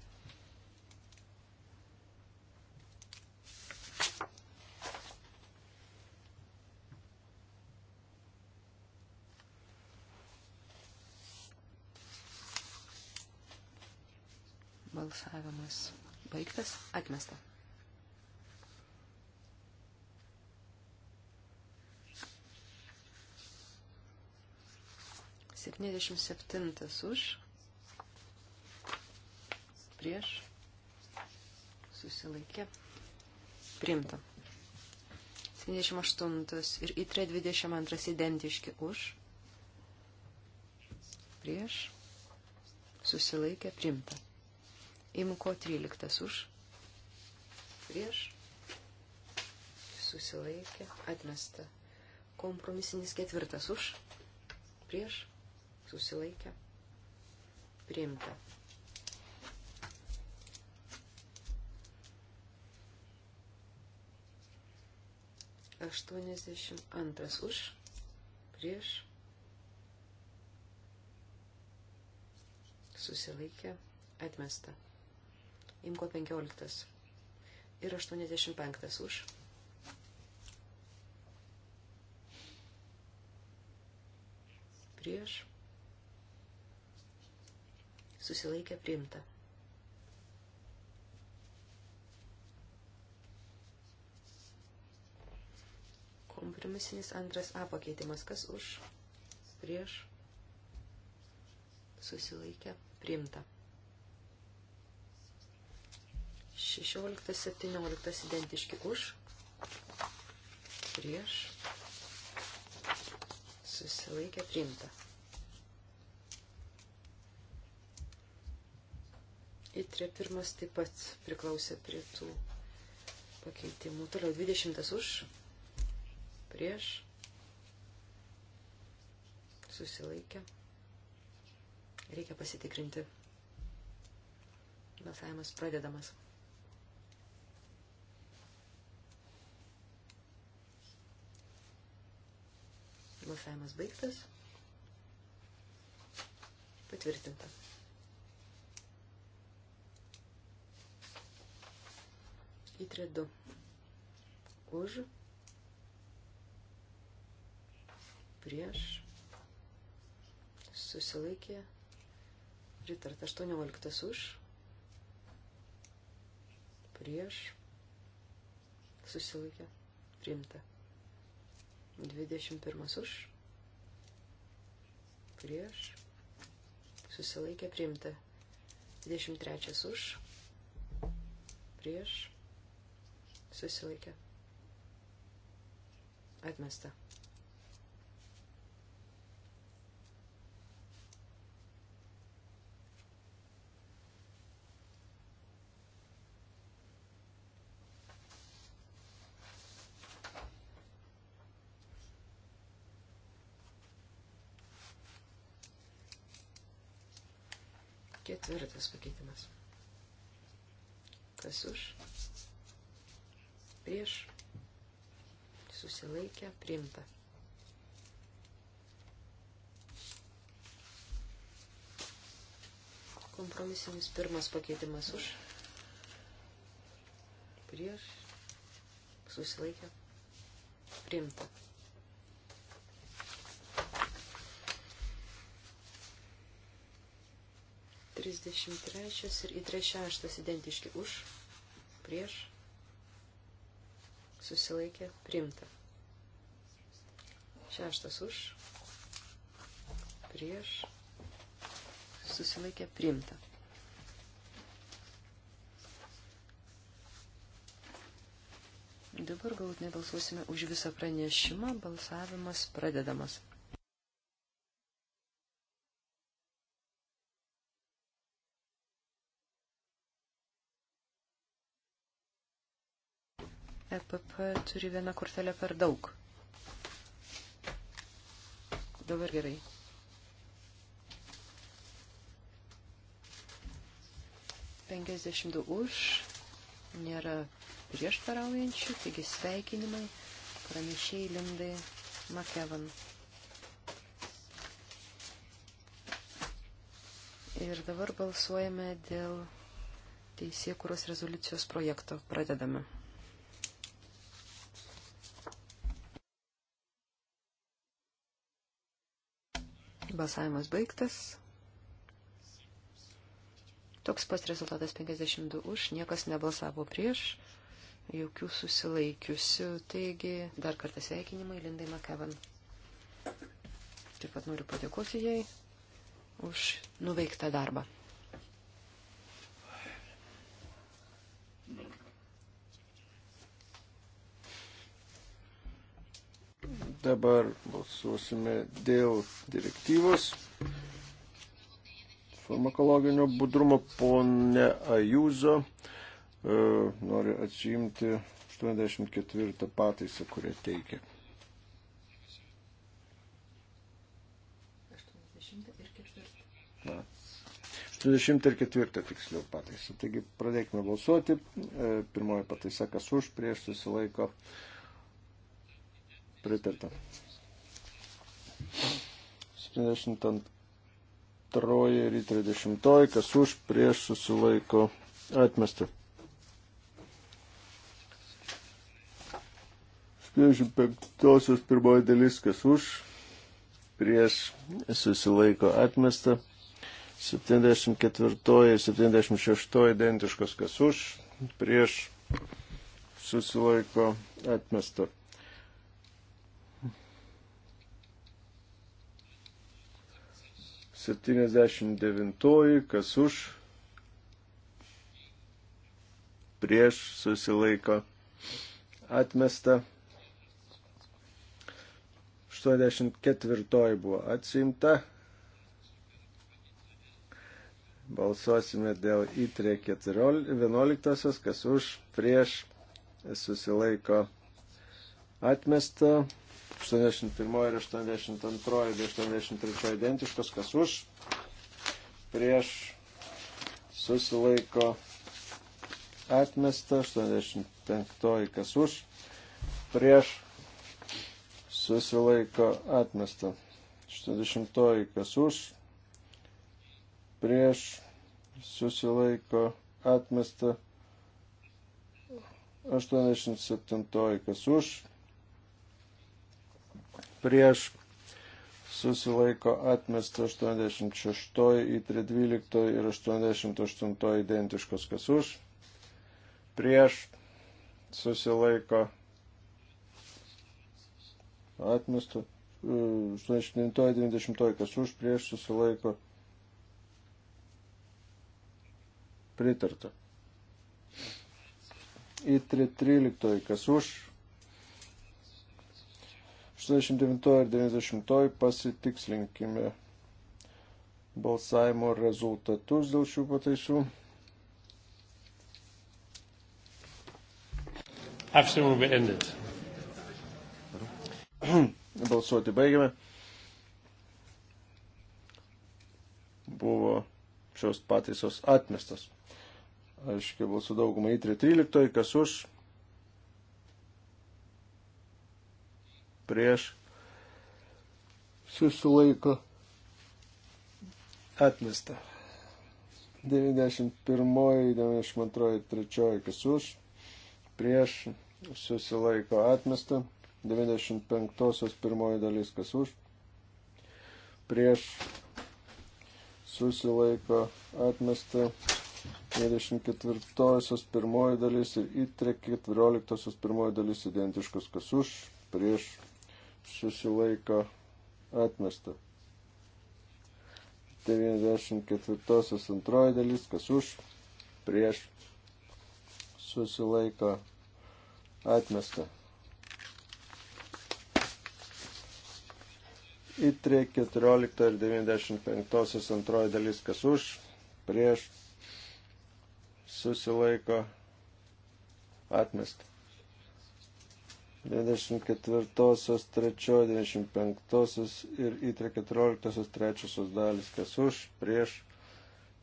Balsavimas baigtas, atmesta. Septyniasdešimt septintas už, prieš, susilaikė, priimta. 78 ir į 322 identiški už, prieš, susilaikė, priimta. Imko 13 už. Prieš. Susilaikė. Atmesta. Kompromisinis ketvirtas už. Prieš. Susilaikė. Priimta. Aštuoniasdešimt antras už. Prieš. susilaikė atmesta. Imko 15 ir 85 už. Prieš. Susilaikė priimta. Kompromisinis antras A pakeitimas. Kas už? Prieš. Susilaikė priimta. 16-17 identiški už, prieš, susilaikė priimta. Įtrė pirmas taip pat priklausė prie tų pakeitimų. Toliau 20 už, prieš, susilaikė. Reikia pasitikrinti. Balsavimas pradedamas. Balsavimas baigtas. Patvirtinta. Įtrė 2. Už. Prieš. Susilaikė. Pritart 18 už. Prieš. Susilaikė. Priimta. 21 už, prieš, susilaikė priimta. 23 už, prieš, susilaikė. Atmesta. Ketvirtas pakeitimas. Kas už? Prieš. Susilaikę. Primta. Kompromisinis pirmas pakeitimas už. Prieš. Susilaikę. Primta. 33 ir į 36 identiški už, prieš, susilaikė, primta. Šeštas už, prieš, susilaikė, primta. Dabar galutinai balsuosime už visą pranešimą, balsavimas pradedamas. EPP turi vieną kortelę per daug. Dabar gerai. Penkiasdešimt du už, nėra prieštaraujančių, taigi sveikinimai pranešėjai Lindai Makevan. Ir dabar balsuojame dėl teisėkuros rezoliucijos projekto. Pradedame. Balsavimas baigtas. Toks pats rezultatas 52 už, niekas nebalsavo prieš, jokių susilaikiusių. Taigi, dar kartą sveikinimai Lindai Makevan. Taip pat noriu padėkoti jai už nuveiktą darbą. Dabar balsuosime dėl direktyvos farmakologinio budrumo ponė Ajūzo. Noriu atsiimti 84 pataisą, kurią teikia. Na. 24 tiksliau pataisa. Taigi pradėkime balsuoti. E, pirmoji pataisa, kas už, prieš susilaiko. laiko Pritarta. 72 ir 30, kas už prieš susilaiko atmesti. 75 pirmoji dalis, kas už prieš susilaiko atmesta. 74 ir 76 identiškos, kas už prieš susilaiko atmesta. 79, kas už, prieš susilaiko atmesta. 84 buvo atsimta. Balsuosime dėl įtrė 11, e kas už, prieš susilaiko atmesta. 81 ir 82 bei 83 identiškas, kas už, prieš susilaiko atmesta, 85 kas už, prieš susilaiko atmesta, 80 kas už, prieš susilaiko atmesta, 87 kas už, prieš susilaiko atmesta 86 į 312 ir 88 identiškos kas už, prieš susilaiko atmesta 89-90 e, kas už, prieš susilaiko pritarta. Į 313 kas už, 89 ir 90 pasitikslinkime balsavimo rezultatus dėl šių pataisų. Abstimmung beendet. <clears throat> Balsuoti baigiame. Buvo šios pataisos atmestas. Aiškiai balsų daugumą į 13, kas už, prieš susilaiko atmesta. 91, 92, 3, kas už, prieš susilaiko atmesta. 95 pirmoji dalis, kas už, prieš susilaiko atmesta. 24 pirmoji dalis ir įtrek 14 pirmoji dalis identiškus, kas už, prieš susilaiko atmesta. 94 antroji dalis, kas už, prieš, susilaiko atmesta. Įtrė 14 ir 95 antroji dalis, kas už, prieš, susilaiko atmesta. 94-osios, 3-ojo, 95-osios ir įtre 14-osios, 3-osios dalis, kas už, prieš,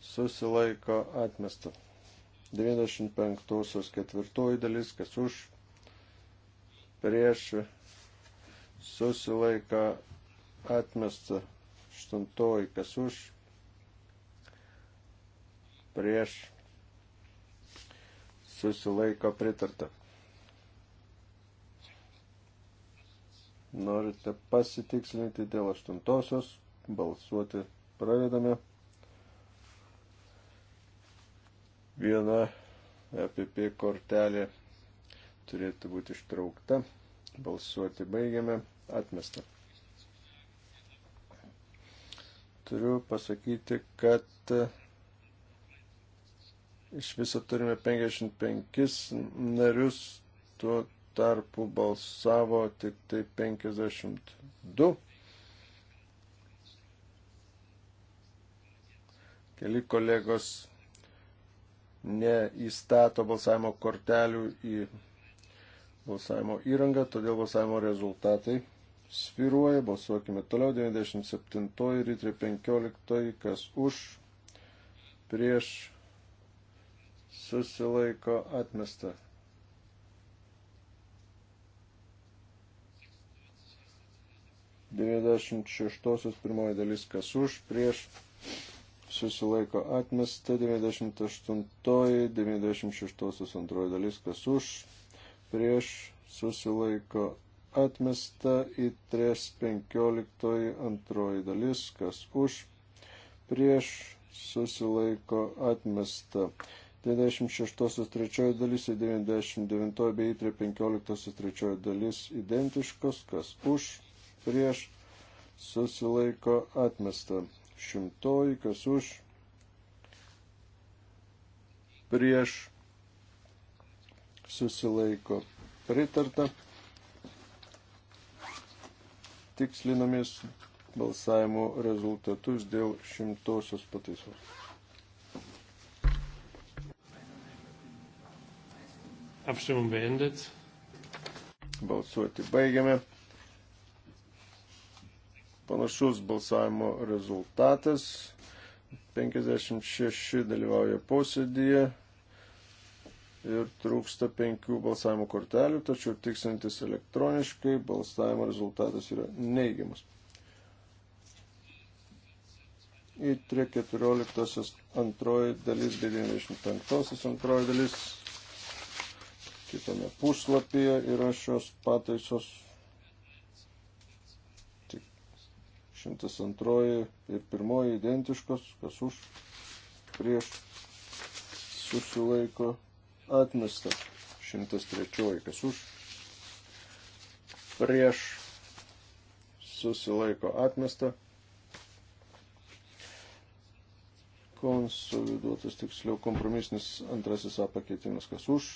susilaiko atmesta. 95-osios, 4-ojo dalis, kas už, prieš, susilaiko atmesta. 8-ojo, kas už, prieš, susilaiko pritarta. norite pasitikslinti dėl aštuntosios, balsuoti pradedame. Viena EPP kortelė turėtų būti ištraukta, balsuoti baigiame, atmesta. Turiu pasakyti, kad iš viso turime 55 narius, tuo tarpu balsavo tik tai 52. Keli kolegos neįstato balsavimo kortelių į balsavimo įrangą, todėl balsavimo rezultatai sviruoja. Balsuokime toliau. 97 rytri 15, kas už, prieš, susilaiko atmesta. 96 pirmoji dalis kas už, prieš susilaiko atmesta, 98, 96 antroji dalis kas už, prieš susilaiko atmesta į 3.15 antroji dalis kas už, prieš susilaiko atmesta. 96 trečioji dalis ir 99 bei 315 trečioji dalis identiškos, kas už, prieš, susilaiko atmesta. Šimtoji, kas už, prieš, susilaiko pritarta. Tikslinomis balsavimo rezultatus dėl šimtosios pataisos. Abstimmung beendet. Balsuoti baigiame panašus balsavimo rezultatas. 56 dalyvauja posėdėje ir trūksta penkių balsavimo kortelių, tačiau tiksintis elektroniškai balsavimo rezultatas yra neigiamas. Į 3.14 antroji dalis, 95 antroji dalis, kitame puslapyje yra šios pataisos 102 ir 1 identiškos, kas už, prieš, susilaiko, atmesta, 103 kas už, prieš, susilaiko, atmesta, konsoliduotas tiksliau kompromisinis antrasis A pakeitimas, kas už,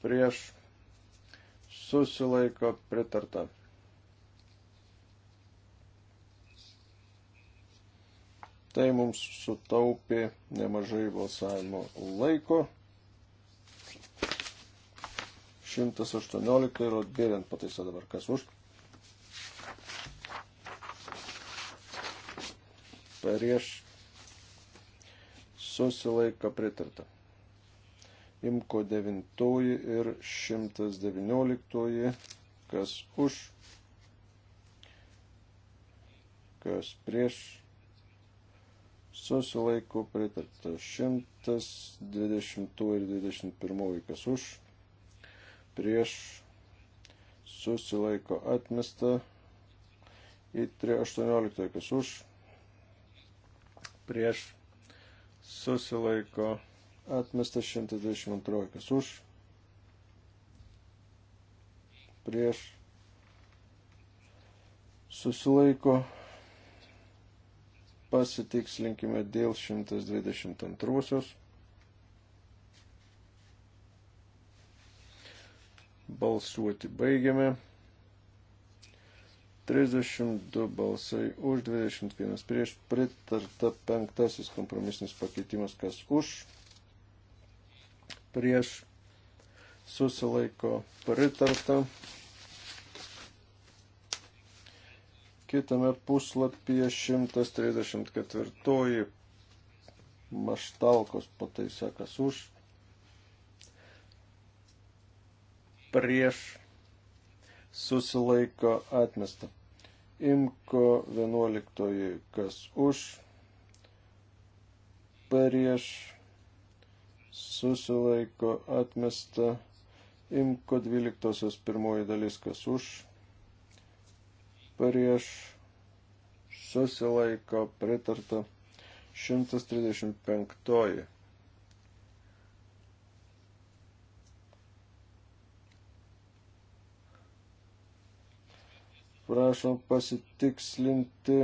prieš, susilaiko, pritarta. Tai mums sutaupė nemažai balsavimo laiko. 118 ir atbėrint pataisa dabar kas už. Prieš susilaiką pritarta. Imko 9 ir 119 kas už, kas prieš susilaiko pritarta 120 ir 21 kas už, prieš susilaiko atmesta į 318 kas už, prieš susilaiko atmesta 122 kas už, prieš susilaiko atmesta Pasitikslinkime dėl 122-osios. Balsuoti baigiame. 32 balsai už, 21 prieš, pritarta penktasis kompromisinis pakeitimas, kas už, prieš, susilaiko pritarta. Kitame puslapyje 134 maštalkos pataisa, kas už, prieš susilaiko atmesta. Imko 11, kas už, prieš susilaiko atmesta. Imko 12, pirmoji dalis, kas už, prieš susilaiko pritarta 135. Prašom pasitikslinti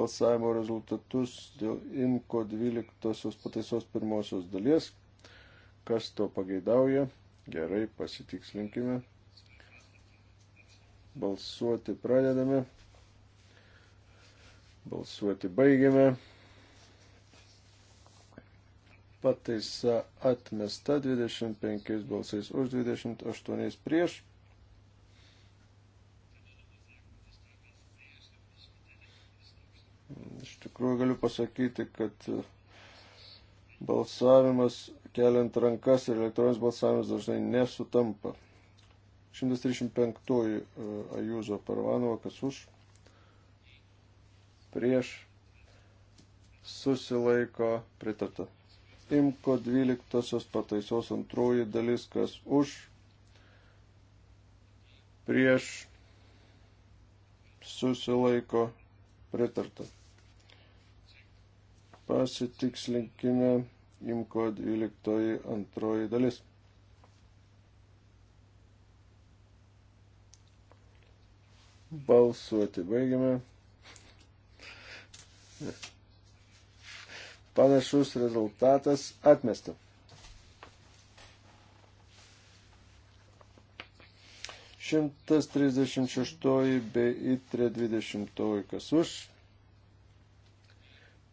balsavimo rezultatus dėl INKO 12 pataisos pirmosios dalies. Kas to pageidauja? Gerai, pasitikslinkime. Balsuoti pradedame. Balsuoti baigiame. Pataisa atmesta 25 balsais už 28 prieš. Iš tikrųjų galiu pasakyti, kad balsavimas keliant rankas ir elektroninis balsavimas dažnai nesutampa. 135 Ajuzo Parvanovo, kas už, prieš, susilaiko pritarta. Imko 12 pataisos antroji dalis, kas už, prieš, susilaiko pritarta. Pasitikslinkime Imko 12 antroji dalis. Balsuoti baigiame. Panašus rezultatas atmesta. Šimtas trisdešimt šeštoji bei itre dvidešimtoji kas už.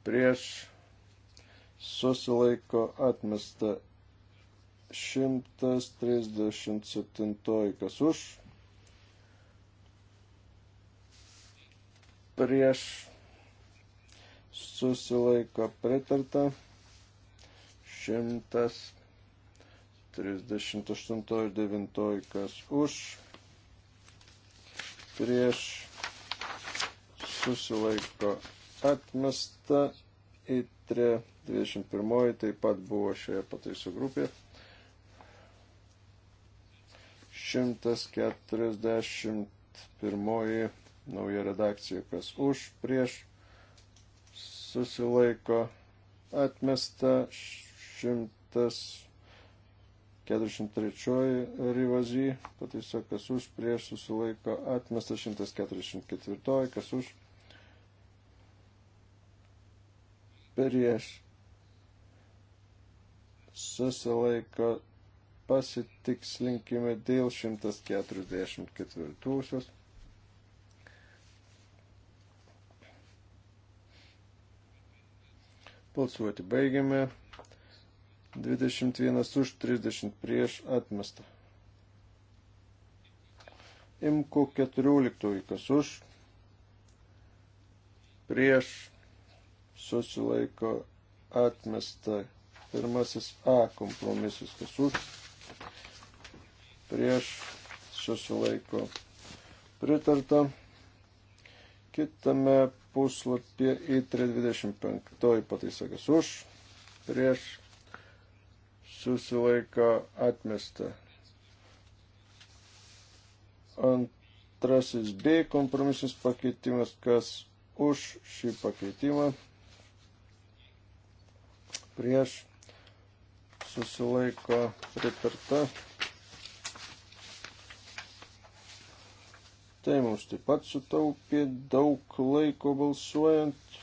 Prieš susilaiko atmesta 137 kas už prieš susilaiko pritarta. 138 ir 9 kas už. Prieš susilaiko atmesta. Itre 21 taip pat buvo šioje pataisų grupėje. 141 nauja redakcija, kas už, prieš, susilaiko, atmesta 143 rivazy, pataiso, kas už, prieš, susilaiko, atmesta 144, kas už, prieš, susilaiko, pasitikslinkime dėl 144. Balsuoti baigiame. 21 už 30 prieš atmestą. Imko 14 kas už. Prieš susilaiko atmestą. Pirmasis A kompromisas kas už. Prieš susilaiko pritarta. Kitame puslapį į 325 pataisakas už, prieš, susilaiko atmesta. Antrasis B kompromisinis pakeitimas, kas už šį pakeitimą, prieš, susilaiko pritarta. Tai mums taip pat sutaupė daug laiko balsuojant.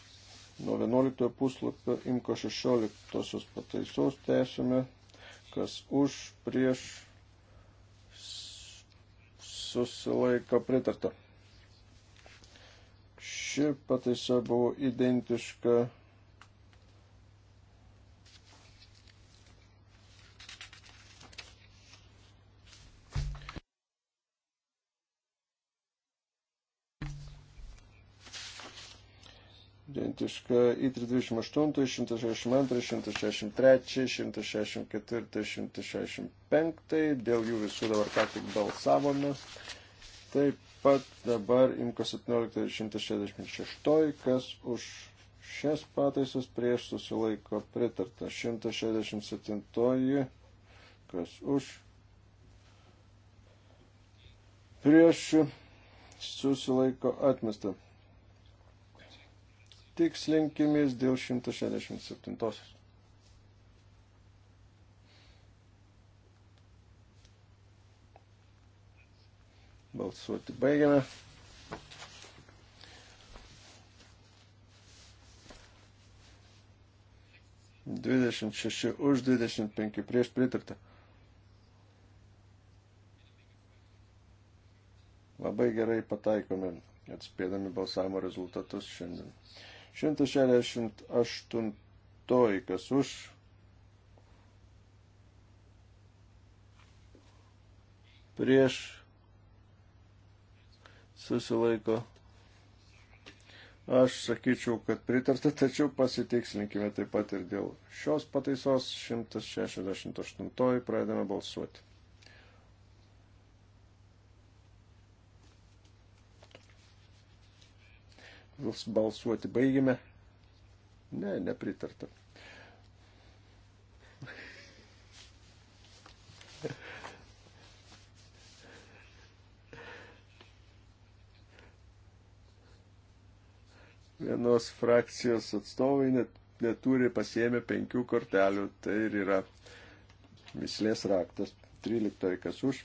Nuo 11 puslapio imko 16 pataisos tęsime, kas už, prieš, susilaiko pritarta. Ši pataisa buvo identiška identiška į 328, 162, 163, 164, 165. Dėl jų visų dabar ką tik balsavome. Taip pat dabar imko 1766, kas už šias pataisas prieš susilaiko pritarta. 167, kas už prieš susilaiko atmestą patikslinkimės dėl 167. Balsuoti baigiame. Dvidešimt šeši už, dvidešimt penki prieš pritartą. Labai gerai pataikome atspėdami balsavimo rezultatus šiandien. 168. Kas už? Prieš susilaiko. Aš sakyčiau, kad pritarta, tačiau pasitikslinkime taip pat ir dėl šios pataisos 168 pradedame balsuoti. Balsuoti baigime. Ne, nepritarta. Vienos frakcijos atstovai net, neturi pasiemę penkių kortelių. Tai ir yra mislės raktas. 13 kas už.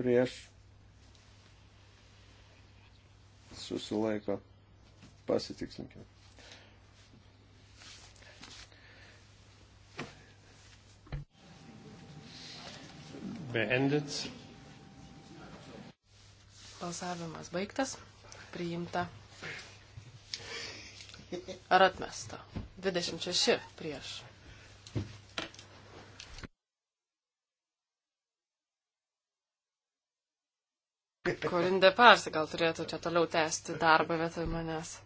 Prieš susilaiko. Pasitikslinkime. Beendet. Balsavimas baigtas. Priimta. Ar atmesta? 26 prieš. Korinde Parsi gal turėtų čia toliau tęsti darbą vietoj manęs.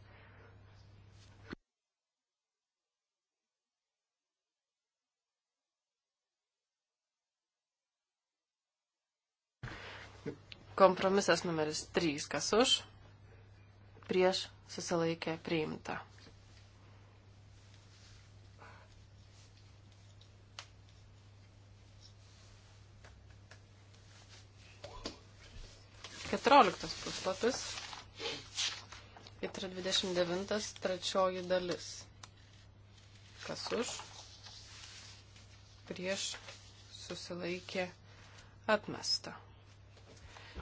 Kompromisas numeris 3. Kas už? Prieš susilaikė priimta. 14 puslapis. Itra 29, trečioji dalis. Kas už? Prieš susilaikė atmesta.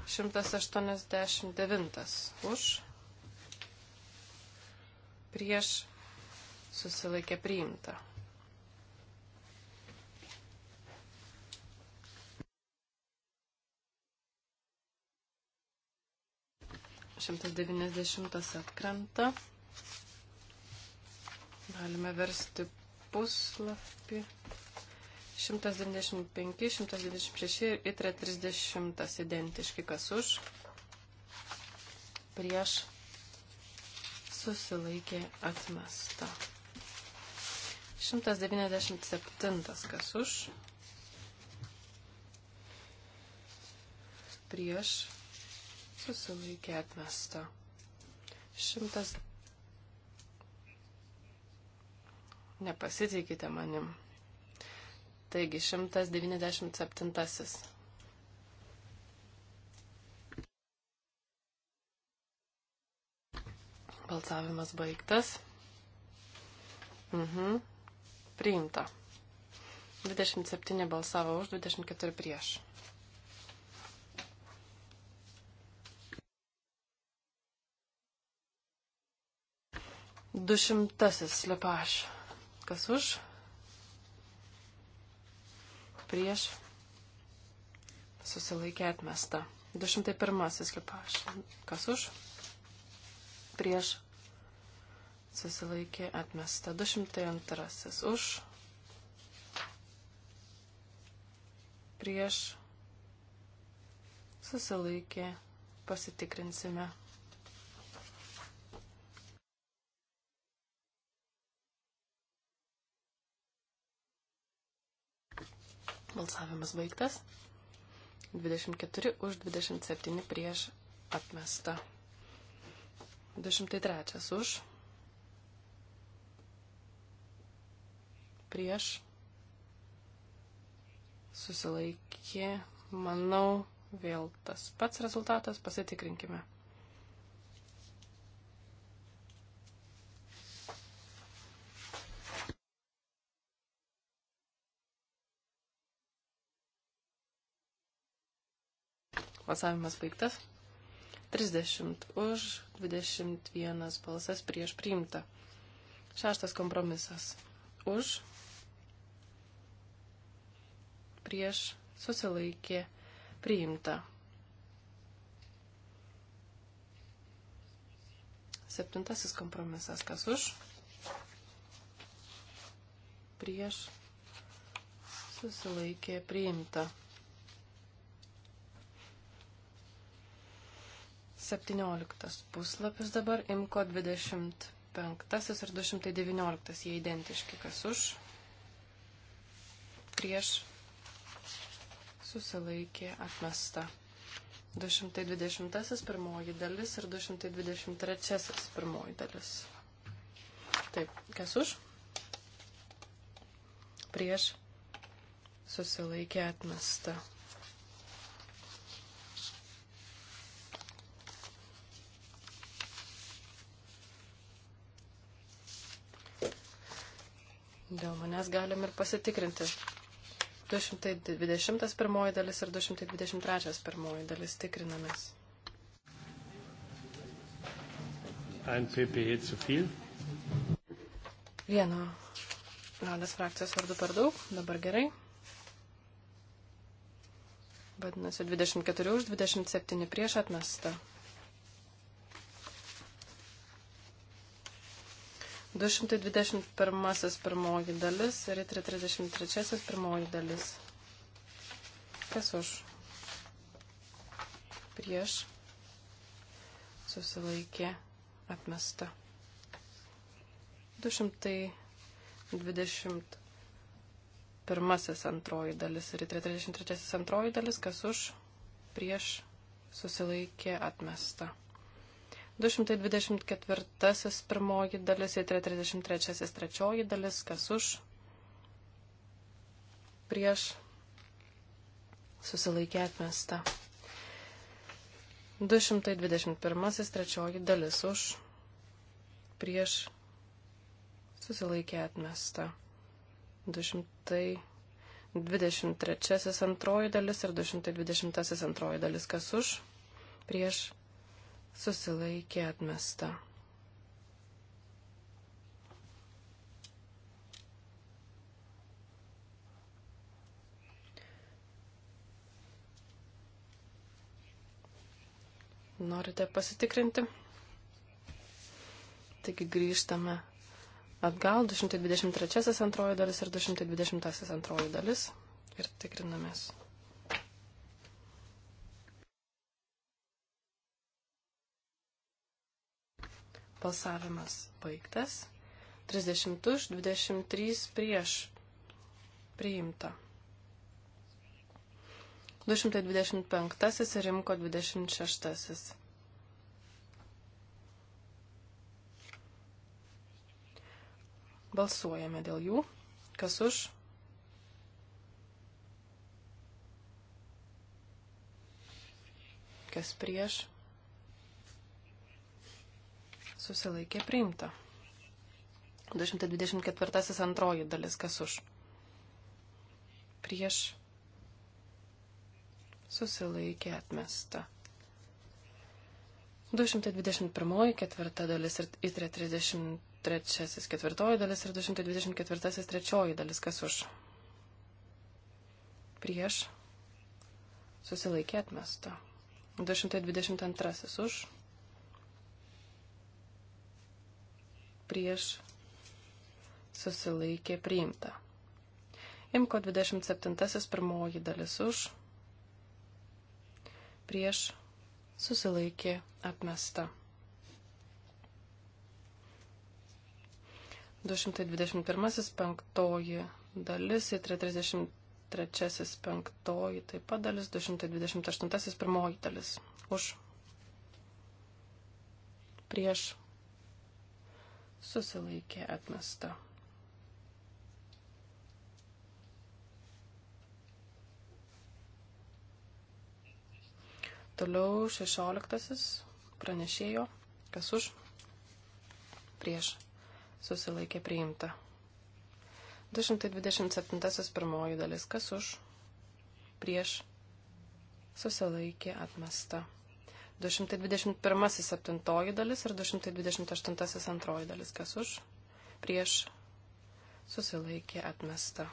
189 už. Prieš susilaikė priimta. 190 atkrenta. Galime versti puslapį. 195, 196 ir itre 30 identiški kas už. Prieš susilaikė atmesta. 197 kas už. Prieš susilaikė atmesta. Šimtas. Nepasitikite manim. Taigi, 197. Balsavimas baigtas. Mhm. Priimta. 27 balsavo už, 24 prieš. Dušimtasis slepaš. Kas už? Prieš. Susilaikė atmesta. 201 slepaš. Kas už? Prieš. Susilaikė atmesta. 202 už. Prieš. Susilaikė. Pasitikrinsime. Balsavimas baigtas. 24 už 27 prieš atmesta. 203 už. Prieš. Susilaikė. Manau, vėl tas pats rezultatas. Pasitikrinkime. Balsavimas baigtas. 30 už, 21 balsas prieš priimta. Šeštas kompromisas. Už, prieš, susilaikė, priimta. Septintasis kompromisas. Kas už, prieš, susilaikė, priimta. 17 puslapis dabar, imko 25 ir 219, jie identiški, kas už, prieš, susilaikė, atmesta. 220 pirmoji dalis ir 223 pirmoji dalis. Taip, kas už? Prieš susilaikė atmesta. Dėl manęs galim ir pasitikrinti. 220 pirmoji dalis ir 223 pirmoji dalis tikrinamės. Ein PPE zu viel. Vieno Liaudės frakcijos vardu per daug, dabar gerai. Vadinasi, 24 už 27 prieš atmestą. 221 pirmoji dalis ir 333 pirmoji dalis. Kas už? Prieš. Susilaikė. Atmesta. 221 antroji dalis ir 333 antroji dalis. Kas už? Prieš. Susilaikė. Atmesta. 221 224 pirmoji dalis ir 33 trečioji dalis, kas už, prieš, susilaikė atmesta. 221 trečioji dalis už, prieš, susilaikė atmesta. 223 antroji dalis ir 220 antroji dalis, kas už, prieš, susilaikė atmesta. Norite pasitikrinti? Taigi grįžtame atgal 223 antroji dalis ir 220 antroji dalis ir tikrinamės. Balsavimas baigtas. 30 už, 23 prieš. Priimta. 225 ir Rimko 26. Balsuojame dėl jų. Kas už? Kas prieš? susilaikė priimta. 224 antroji dalis, kas už. Prieš susilaikė atmesta. 221 ketvirta dalis ir 33 ketvirtoji dalis ir 224 trečioji dalis, kas už. Prieš susilaikė atmesta. 222 už prieš susilaikė priimta. Imko 27 pirmoji dalis už, prieš susilaikė atmesta. 221 penktoji dalis ir 33 penktoji taip pat dalis, 228 pirmoji dalis už, prieš susilaikė atmesta. Toliau šešioliktasis pranešėjo, kas už, prieš, susilaikė priimta. 227 pirmoji dalis, kas už, prieš, susilaikė atmesta. 221 septintoji dalis ir 228 antroji dalis. Kas už? Prieš susilaikė atmesta.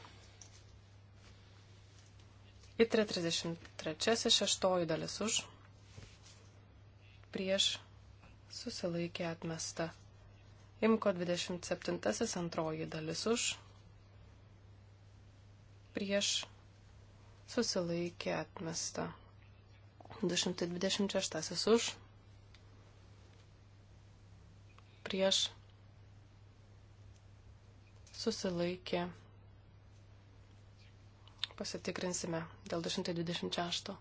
Itre 33 šeštoji dalis už. Prieš susilaikė atmesta. Imko 27 antroji dalis už. Prieš susilaikė atmesta. 226 už, prieš, susilaikė. Pasitikrinsime dėl 226.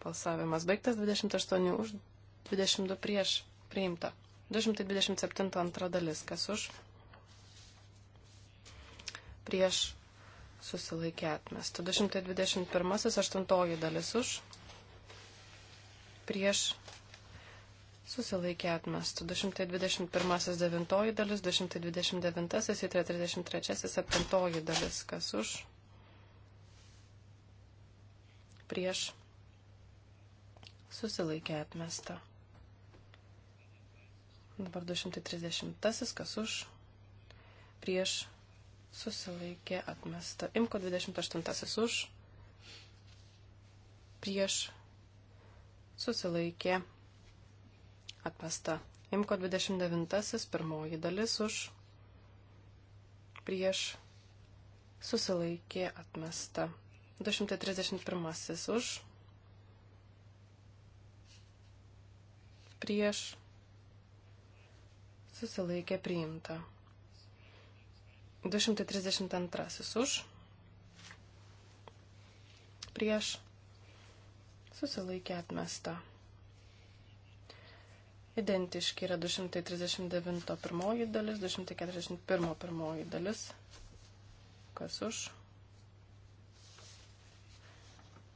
Balsavimas baigtas 28 už 22 prieš priimta. 227 antra dalis, kas už, prieš susilaikė atmestų. 221 aštuntoji dalis už, prieš susilaikė atmestų. 221 devintoji dalis, 229 ir 33 septintoji dalis, kas už, prieš susilaikė atmestą. Dabar 230. Kas už? Prieš. Susilaikė atmesta. Imko 28. Už. Prieš. Susilaikė atmesta. Imko 29. Pirmoji dalis už. Prieš. Susilaikė atmesta. 231 už. Prieš susilaikė priimta. 232 už, prieš, susilaikė atmesta. Identiški yra 239 pirmoji dalis, 241 pirmoji dalis, kas už,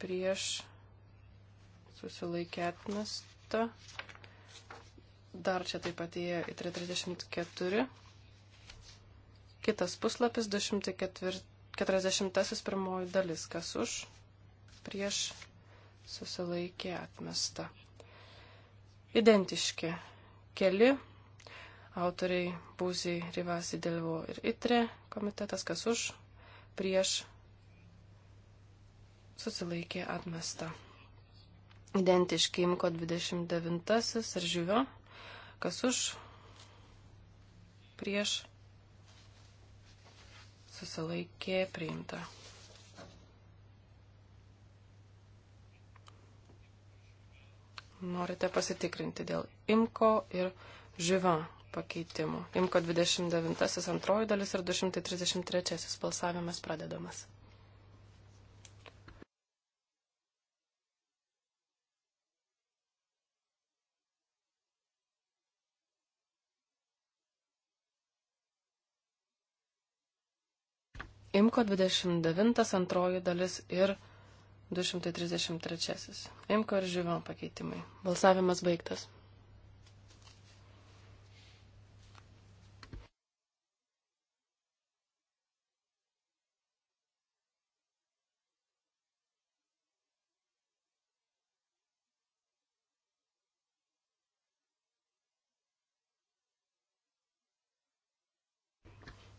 prieš, susilaikė atmesta. Dar čia taip pat įėjo į 334. Kitas puslapis 240 pirmoji dalis. Kas už? Prieš susilaikė atmesta. Identiški keli autoriai Būziai, Rivasi, Delvo ir Itre komitetas. Kas už? Prieš susilaikė atmesta. Identiški Imko 29 ir Žiūvio Kas už? Prieš? Susilaikė priimta. Norite pasitikrinti dėl imko ir žyva pakeitimų. Imko 29 antroji dalis ir 233 balsavimas pradedamas. Imko 29 antroji dalis ir 233. Imko ir Žiūvon pakeitimai. Balsavimas baigtas.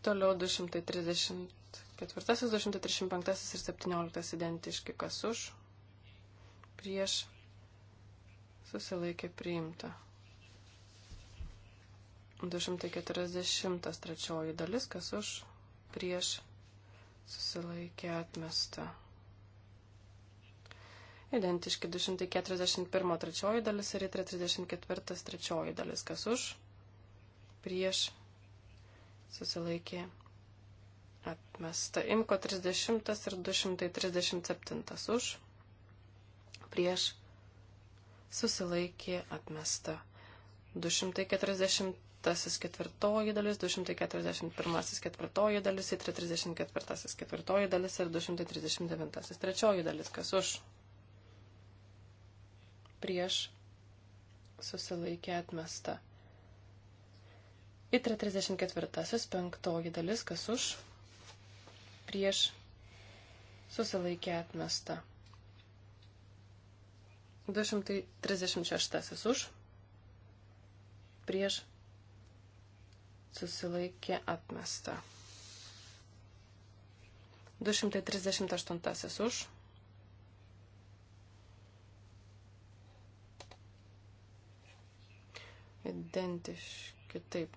Toliau 230. Ketvirtasis, 235 ir 17 identiški, kas už, prieš, susilaikė priimta. 240 trečioji dalis, kas už, prieš, susilaikė atmesta. Identiški 241 trečioji dalis ir 334 trečioji dalis, kas už, prieš, susilaikė atmesta Atmesta imko 30 ir 237 už. Prieš susilaikė atmesta. 240 ketvirtoji dalis, 241 ketvirtoji dalis, 334 ketvirtoji dalis ir 239 trečioji dalis. Kas už? Prieš susilaikė atmesta. Į 34 penktoji dalis, kas už? prieš susilaikė atmesta. 236 už prieš susilaikė atmesta. 238 už. Identiški taip.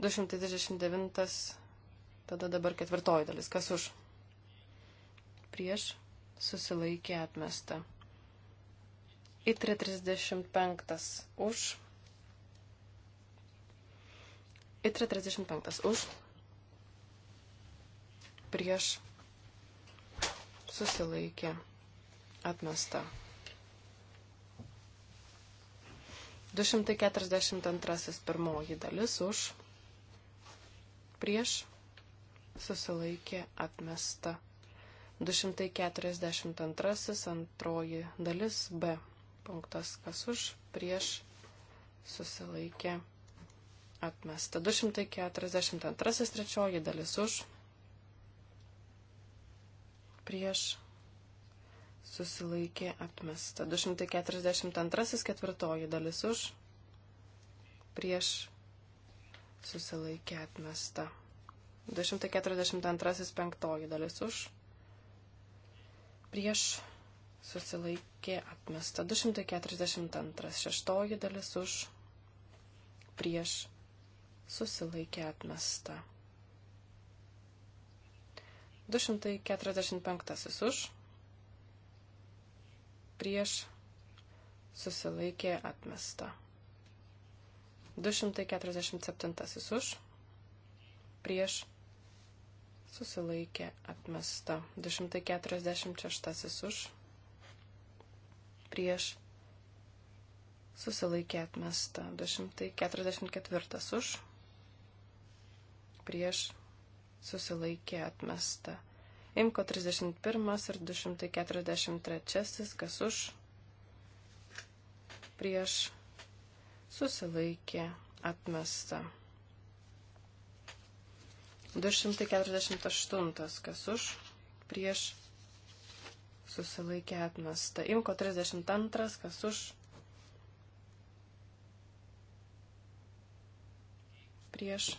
239 Tada dabar ketvirtoji dalis. Kas už? Prieš susilaikė atmesta. Itre 35 už. Itre 35 už. Prieš susilaikė atmesta. 242 pirmoji dalis už prieš susilaikė atmesta. 242 antroji dalis B. Punktas kas už, prieš susilaikė atmesta. 242 trečioji dalis už, prieš susilaikė atmesta. 242 ketvirtoji dalis už, prieš susilaikė atmesta. 242 penktoji dalis už. Prieš susilaikė atmesta. 242 šeštoji dalis už. Prieš susilaikė atmesta. 245 už. Prieš susilaikė atmesta. 247 už. Prieš susilaikė atmesta. 246 už, prieš susilaikė atmesta. 244 už, prieš susilaikė atmesta. Imko 31 ir 243, kas už, prieš, susilaikė, atmesta. 248. Kas už? Prieš susilaikė atmesta. Imko 32. Kas už? Prieš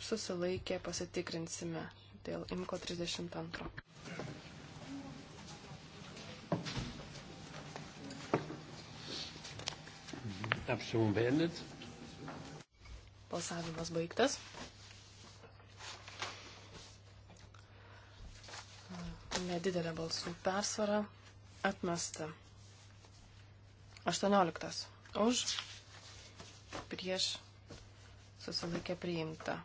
susilaikė pasitikrinsime dėl Imko 32. Abstimmung beendet. Balsavimas baigtas. Nedidelė balsų persvara. Atmesta. 18. Už. Prieš. Susilaikė priimta.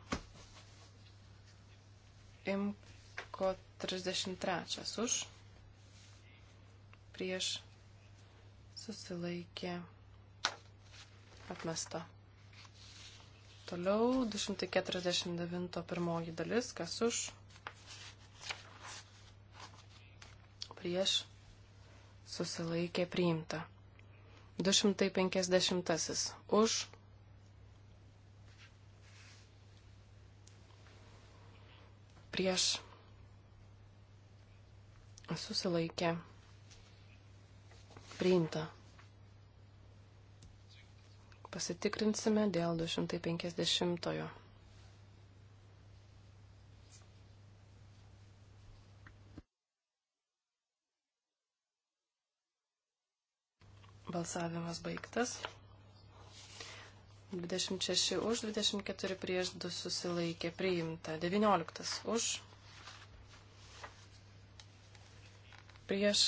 Imko 33. Už. Prieš. Susilaikė atmesta. Toliau 249 pirmoji dalis, kas už, prieš, susilaikė priimta. 250 už, prieš, susilaikė priimta. Pasitikrinsime dėl 250-ojo. Balsavimas baigtas. 26 už, 24 prieš 2 susilaikė, priimta. 19 už, prieš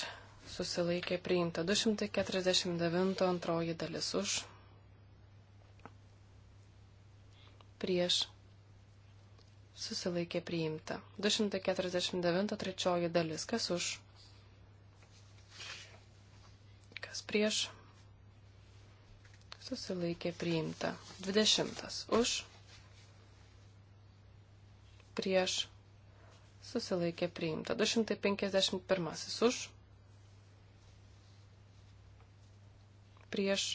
susilaikė, priimta. 249 antroji dalis už, prieš susilaikė priimta. 249 trečioji dalis. Kas už? Kas prieš? Susilaikė priimta. 20. Už? Prieš? Susilaikė priimta. 251. Už? Prieš?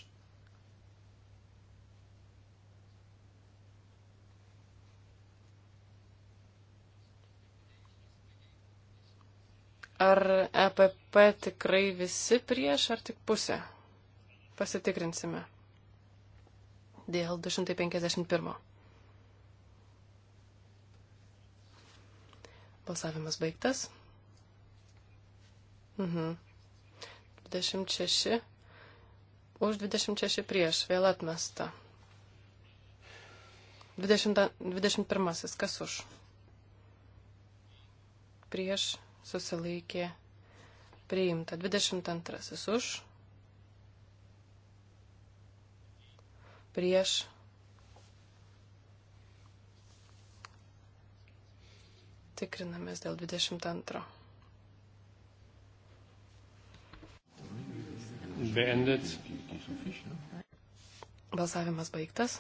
Ar EPP tikrai visi prieš, ar tik pusė? Pasitikrinsime. Dėl 251. Balsavimas baigtas. Mhm. 26. Už 26 prieš. Vėl atmesta. 20, 21. Kas už? Prieš susilaikė priimta. 22 už, prieš, tikrinamės dėl 22. Beendet. Balsavimas baigtas.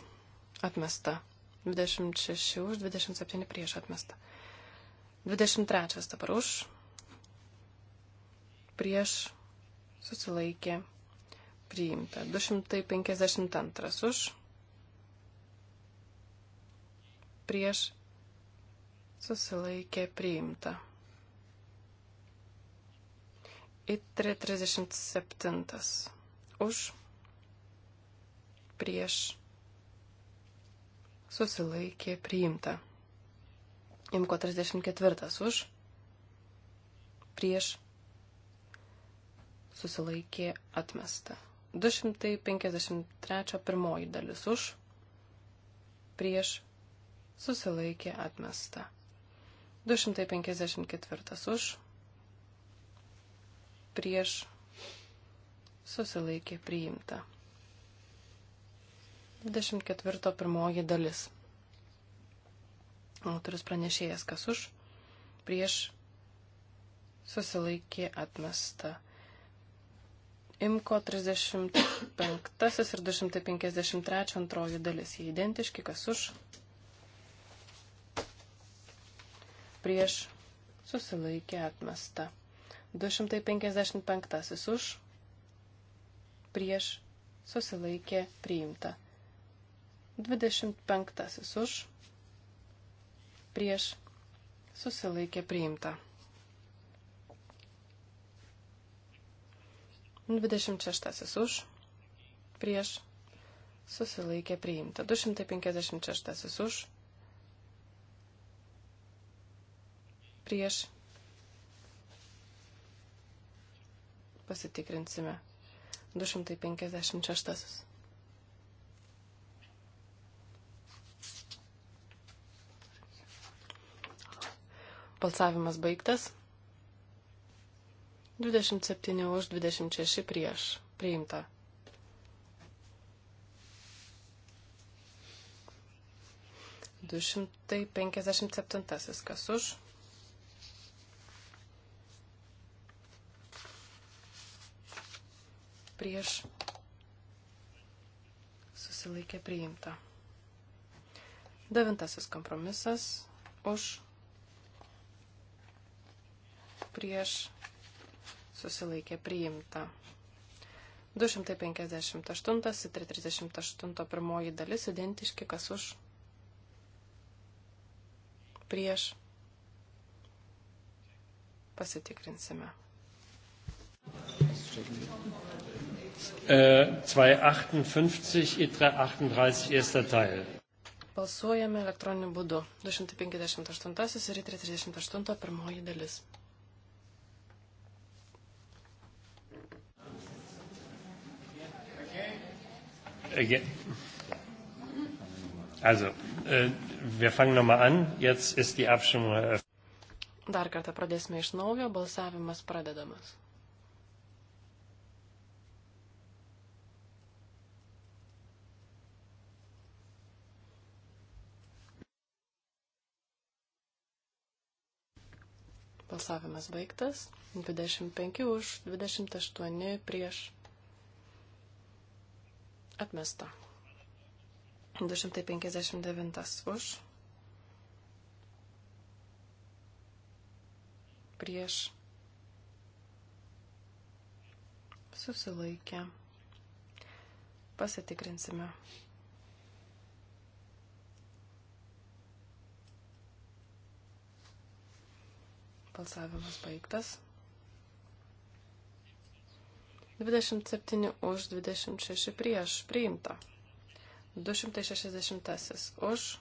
Atmesta. 26 už, 27 prieš atmesta. 23 dabar už, prieš susilaikė priimta. 252 už prieš susilaikė priimta. Į 37 už prieš susilaikė priimta. Imko 34 už prieš susilaikė atmesta. 253 pirmoji dalis už, prieš, susilaikė atmesta. 254 už, prieš, susilaikė priimta. 24 pirmoji dalis. Autoris pranešėjas kas už, prieš, susilaikė atmesta. Imko 35 ir 253 antroji dalis. Jie identiški, kas už. Prieš susilaikė atmesta. 255 už. Prieš susilaikė priimta. 25 už. Prieš susilaikė priimta. 26 už, prieš, susilaikė priimta. 256 už, prieš, pasitikrinsime. 256. Balsavimas baigtas. 27 už 26 prieš. Priimta. Du šimtai penkiasdešimt septintasis. Kas už? Prieš. Susilaikė priimta. Devintasis kompromisas. Už. Prieš susilaikė priimta. 258 ir 338 pirmoji dalis identiški, kas už prieš pasitikrinsime. Uh, 258, ITRA 38, erster Teil. Balsuojame elektroniniu būdu. 258 ir 38 pirmoji dalis. Äh, also, äh, wir fangen nochmal an. Jetzt ist die Abstimmung eröffnet. Dar kartą pradėsime iš naujo, balsavimas pradedamas. Balsavimas baigtas. 25 už, 28 prieš. Atmesta. 259 už. Prieš. Susilaikę. Pasitikrinsime. Balsavimas baigtas. 27 už, 26 prieš, priimta. 260 už.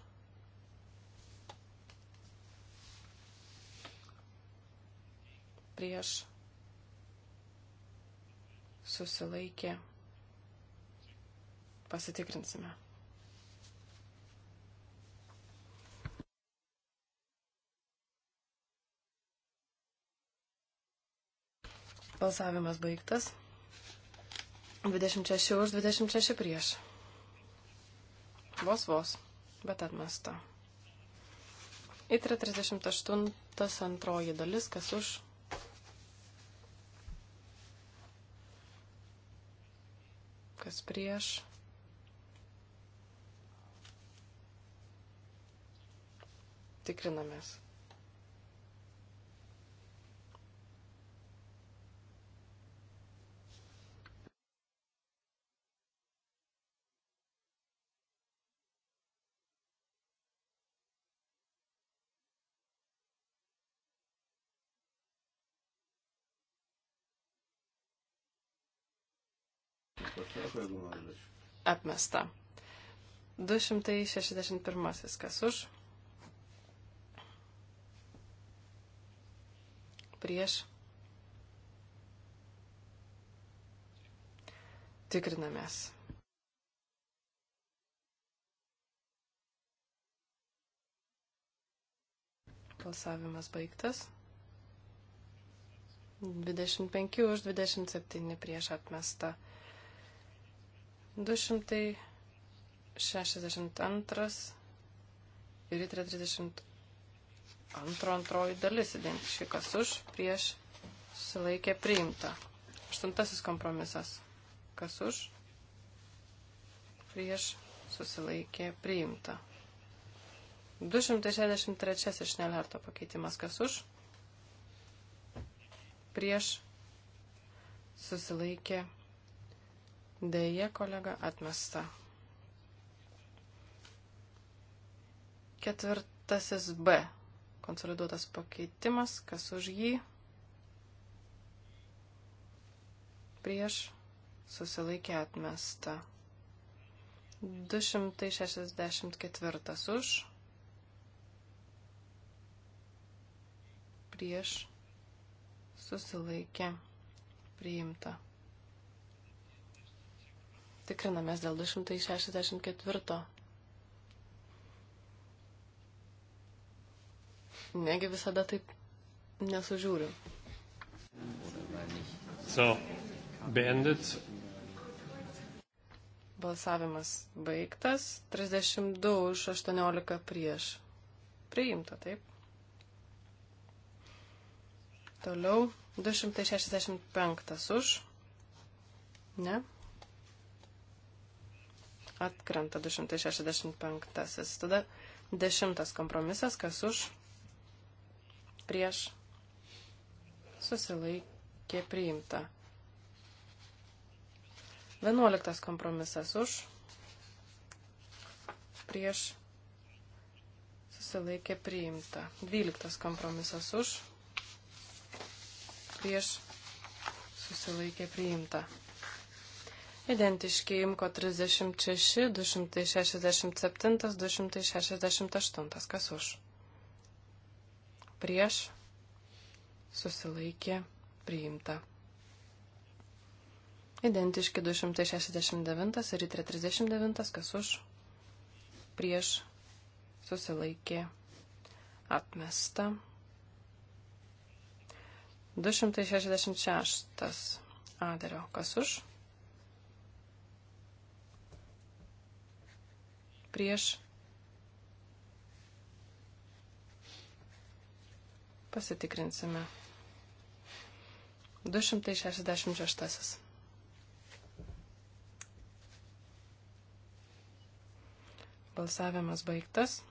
Prieš. Susilaikė. Pasitikrinsime. Balsavimas baigtas. 26 už, 26 prieš. Vos vos, bet atmesta. Itra 38 antroji dalis, kas už. Kas prieš. Tikrinamės. Atmesta. 261. Kas už? Prieš. Tikrinamės. Balsavimas baigtas. 25 už 27 prieš atmestą. 262 ir 32 antroji dalis identiškas už, prieš, susilaikė priimta. Aštuntasis kompromisas. Kas už, prieš, susilaikė priimta. 263 iš Nelharto pakeitimas. Kas už, prieš, susilaikė priimta Deja, kolega, atmesta. Ketvirtasis B. Konsoliduotas pakeitimas. Kas už jį? Prieš susilaikė atmesta. 264 už. Prieš susilaikė priimta. Tikrinamės dėl 264. Negi visada taip nesužiūriu. So, bandit. Balsavimas baigtas. 32 už 18 prieš. Priimta, taip. Toliau 265 už. Ne atkrenta 265. Tada dešimtas kompromisas, kas už, prieš, susilaikė priimta. Vienuoliktas kompromisas už, prieš, susilaikė priimta. Dvyliktas kompromisas už, prieš, susilaikė priimta. Identiški imko 36, 267, 268. Kas už? Prieš. Susilaikė. Priimta. Identiški 269 ir 339. Kas už? Prieš. Susilaikė. Atmesta. 266. Aderio. Kas už? prieš pasitikrinsime. 266. Balsavimas baigtas.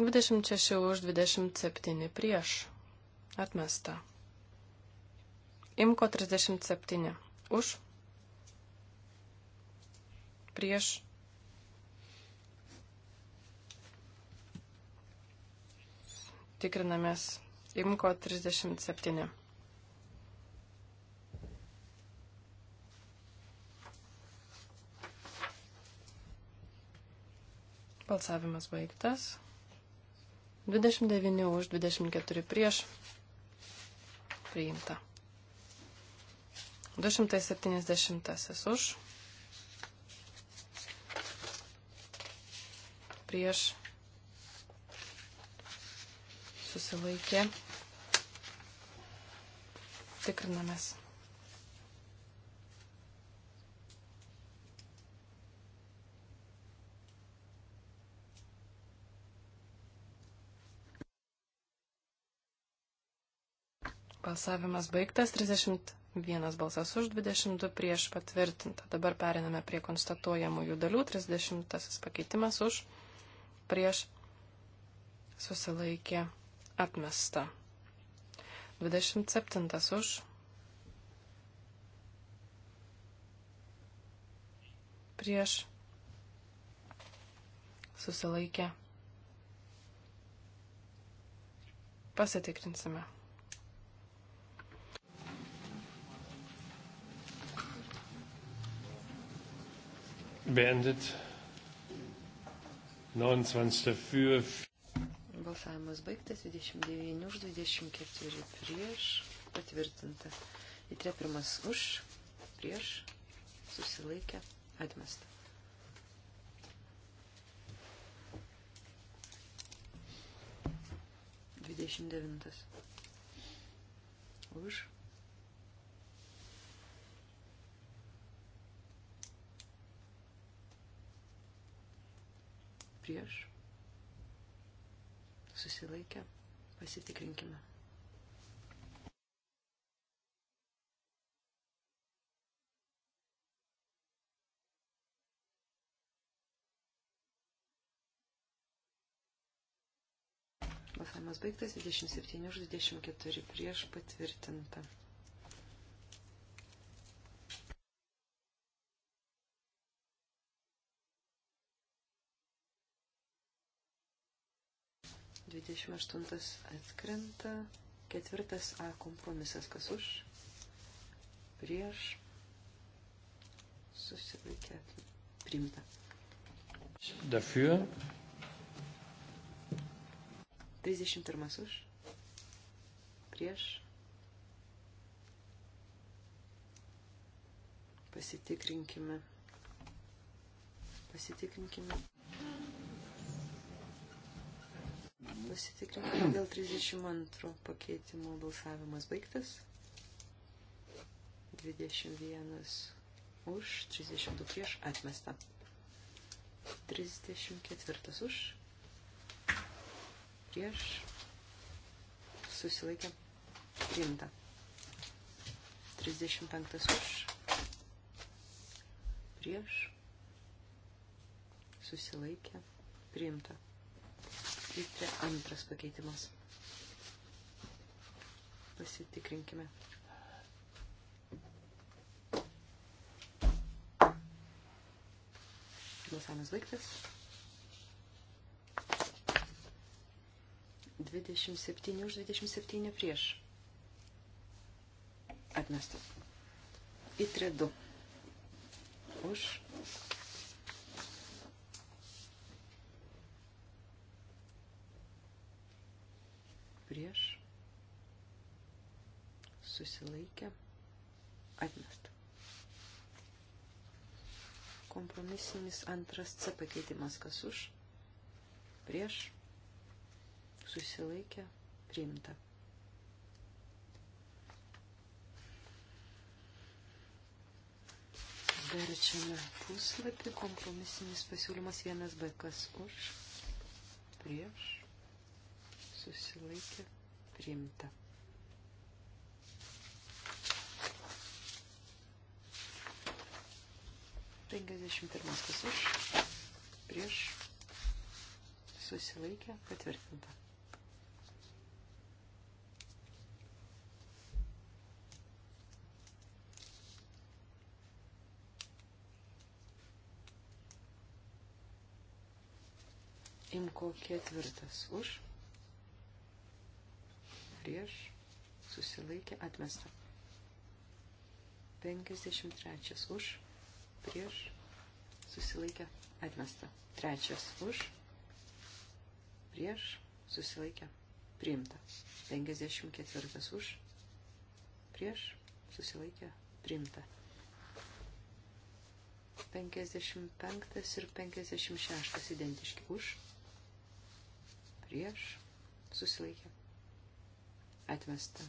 26 už 27 prieš. Atmesta. Imko 37 už prieš. Tikrinamės Imko 37. Balsavimas baigtas. 29 už 24 prieš. Priimta. 270 už. prieš susilaikė. Tikrinamės. Balsavimas baigtas 31 balsas už 22 prieš patvirtinta. Dabar periname prie konstatuojamųjų dalių 30 pakeitimas už prieš susilaikė atmesta. 27 už prieš susilaikė. Pasitikrinsime. Beendet. 29 dafür. Balsavimas baigtas 29 už 24 prieš patvirtinta. Įtre pirmas už prieš susilaikė atmesta. Dvidešimt devintas. Už prieš, susilaikę, pasitikrinkime. Balsavimas baigtas 27 už 24 prieš patvirtinta. 28 atkrenta. Ketvirtas A kompromisas kas už. Prieš. Susilaikė. Priimta. Dafür. 31 už. Prieš. Pasitikrinkime. Pasitikrinkime. Pasitikrinkime dėl 32 pakeitimo balsavimas baigtas. 21 už, 32 prieš, atmesta. 34 už, prieš, susilaikė, priimta. 35 už, prieš, susilaikė, priimta. Įtrė tai antras pakeitimas. Pasitikrinkime. Balsavimas baigtas. 27 už 27 prieš. Atmestas. Įtrė 2. Už prieš, susilaikė, atmesta. Kompromisinis antras C pakeitimas kas už, prieš, susilaikė, priimta. Verčiame puslapį, kompromisinis pasiūlymas vienas B, kas už, prieš, susilaikė priimta. Penkiasdešimt pirmas kas už, prieš susilaikė patvirtinta. imko ketvirtas už, prieš, susilaikė, atmesta. 53 už, prieš, susilaikė, atmesta. Trečias už, prieš, susilaikė, priimta. 54 už, prieš, susilaikė, priimta. 55 ir 56 identiški už, prieš, susilaikė, atmesta.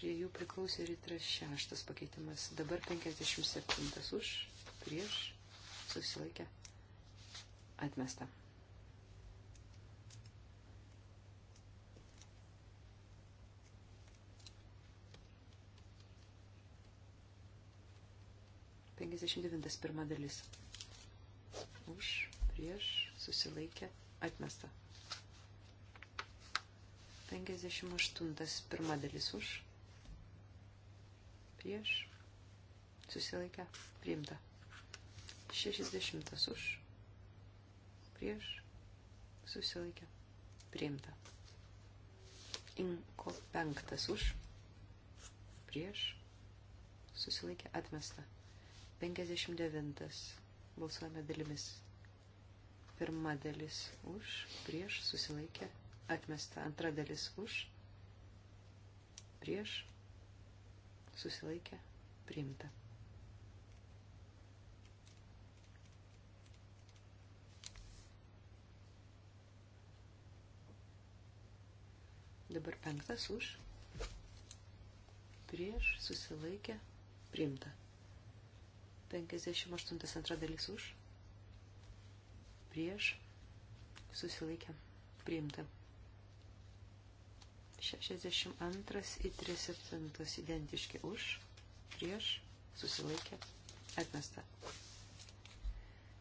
Prie jų priklausė ir yra šeštas pakeitimas. Dabar 57 už, prieš, susilaikė, atmesta. Penkiasdešimt devintas pirma dalis. Už, prieš, susilaikė, atmesta. 58. Pirma dalis už. Prieš. Susilaikę. Priimta. 60. Už. Prieš. Susilaikę. Priimta. Inko penktas už. Prieš. Susilaikė. Atmesta. 59. Balsuojame dalimis. Pirma dalis už. Prieš. Susilaikė. Atmesta antra dalis už. Prieš. Susilaikė. Priimta. Dabar penktas už. Prieš susilaikė. Priimta. 58 antra dalis už. Prieš susilaikė. Priimta. 62 į 37 identiški už, prieš, susilaikė, atmesta.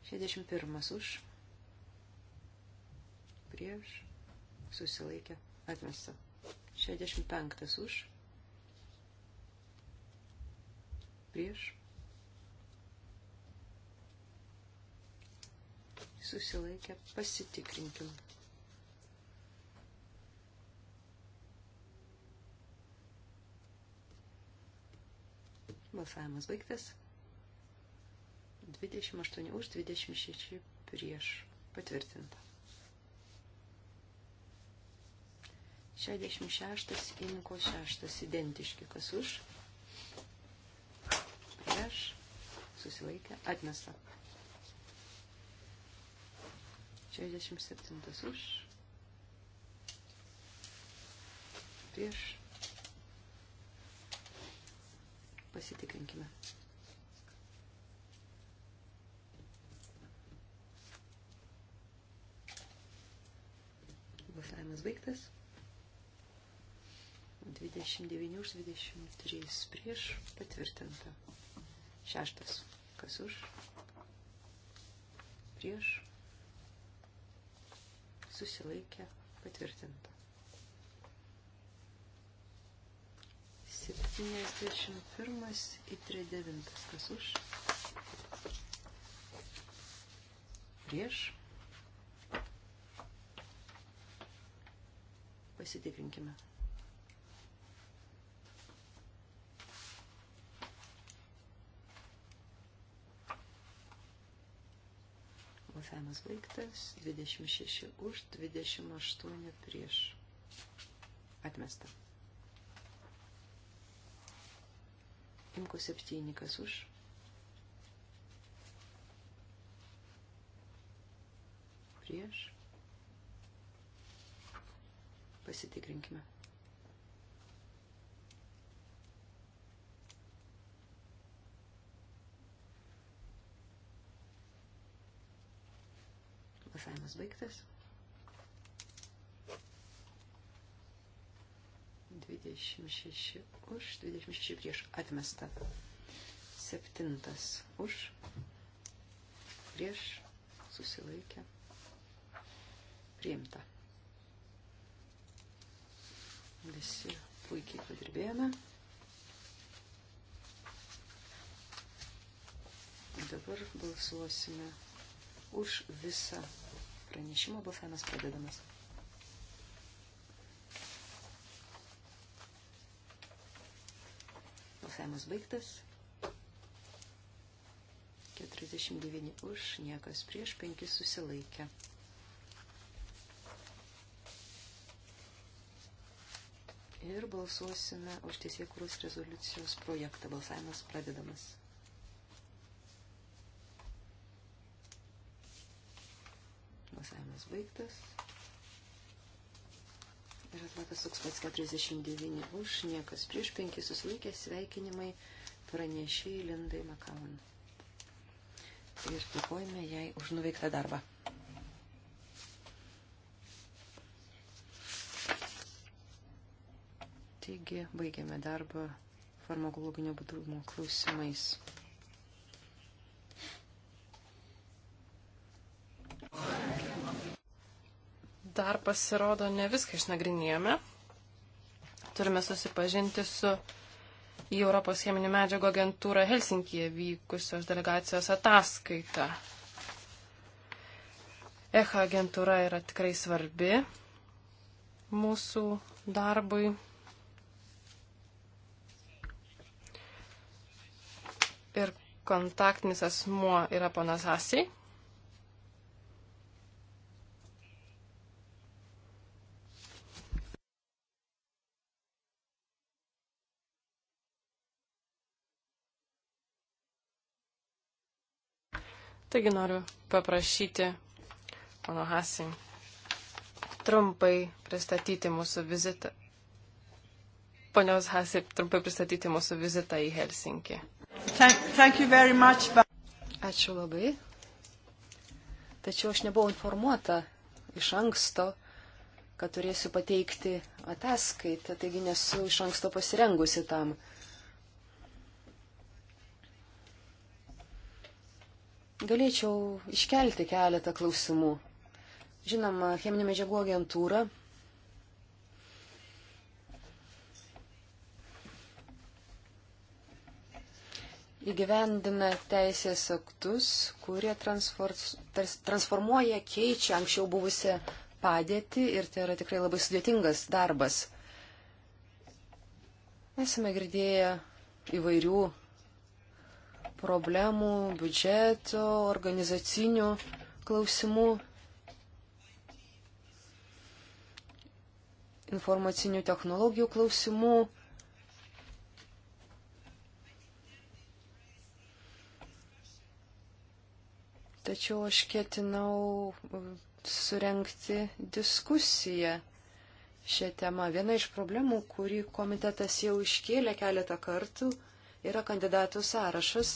61 už, prieš, susilaikė, atmesta. 65 už, prieš, susilaikė, pasitikrinkim. Balsavimas baigtas. 28 už, 26 prieš. Patvirtinta. 66 inko 6 identiški. Kas už? Prieš. Susilaikė. Atmesta. 67 už. Prieš Pasitikrinkime. Balsavimas baigtas. 29 už 23 prieš patvirtinta. Šeštas. Kas už? Prieš. Susilaikė patvirtinta. 71 į 39. Kas už? Prieš. Pasitikrinkime. Balsavimas baigtas. 26 už, 28 prieš. Atmesta. Imko septyni, kas už. Prieš. Pasitikrinkime. Balsavimas baigtas. 26 už, 26 prieš atmestą. Septintas už, prieš susilaikę, priimta. Visi puikiai padirbėjome. Dabar balsuosime už visą pranešimą. Balsavimas pradedamas. Balsavimas baigtas. 49 už, niekas prieš, 5 susilaikė. Ir balsuosime už teisėkūros rezoliucijos projektą. Balsavimas pradedamas. Balsavimas baigtas. Ir atlakas toks pats 49 už, niekas prieš penki susilaikė sveikinimai pranešiai Lindai Makaun. Ir dėkojame jai už nuveiktą darbą. Taigi, baigiame darbą farmakologinio budrumo klausimais. dar pasirodo ne viską išnagrinėjome. Turime susipažinti su į Europos cheminių medžiagų agentūrą Helsinkije vykusios delegacijos ataskaita. ECHA agentūra yra tikrai svarbi mūsų darbui. Ir kontaktinis asmuo yra ponas Asiai, Taigi noriu paprašyti pono Hasi trumpai pristatyti mūsų vizitą. Ponios Hasi, trumpai pristatyti mūsų vizitą į Helsinkį. Thank, thank you very much. But... Ačiū labai. Tačiau aš nebuvau informuota iš anksto, kad turėsiu pateikti ataskaitą, taigi nesu iš anksto pasirengusi tam. Galėčiau iškelti keletą klausimų. Žinoma, cheminių medžiagų agentūra įgyvendina teisės aktus, kurie transformuoja, keičia anksčiau buvusią padėtį ir tai yra tikrai labai sudėtingas darbas. Esame girdėję įvairių problemų, biudžeto, organizacinių klausimų, informacinių technologijų klausimų. Tačiau aš ketinau uh, surenkti diskusiją šią temą. Viena iš problemų, kurį komitetas jau iškėlė keletą kartų, yra kandidatų sąrašas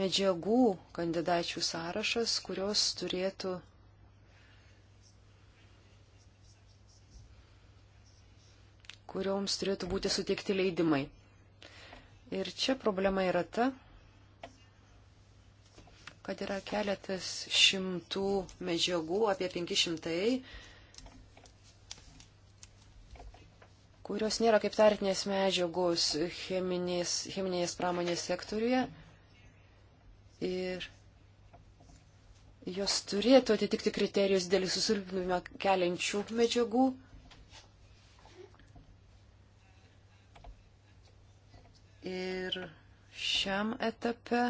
medžiagų kandidačių sąrašas, kurios turėtų kurioms turėtų būti suteikti leidimai. Ir čia problema yra ta, kad yra keletas šimtų medžiagų, apie 500, kurios nėra kaip tartinės medžiagos cheminės, cheminės pramonės sektoriuje. Ir jos turėtų atitikti kriterijus dėl susilpnumą keliančių medžiagų. Ir šiam etape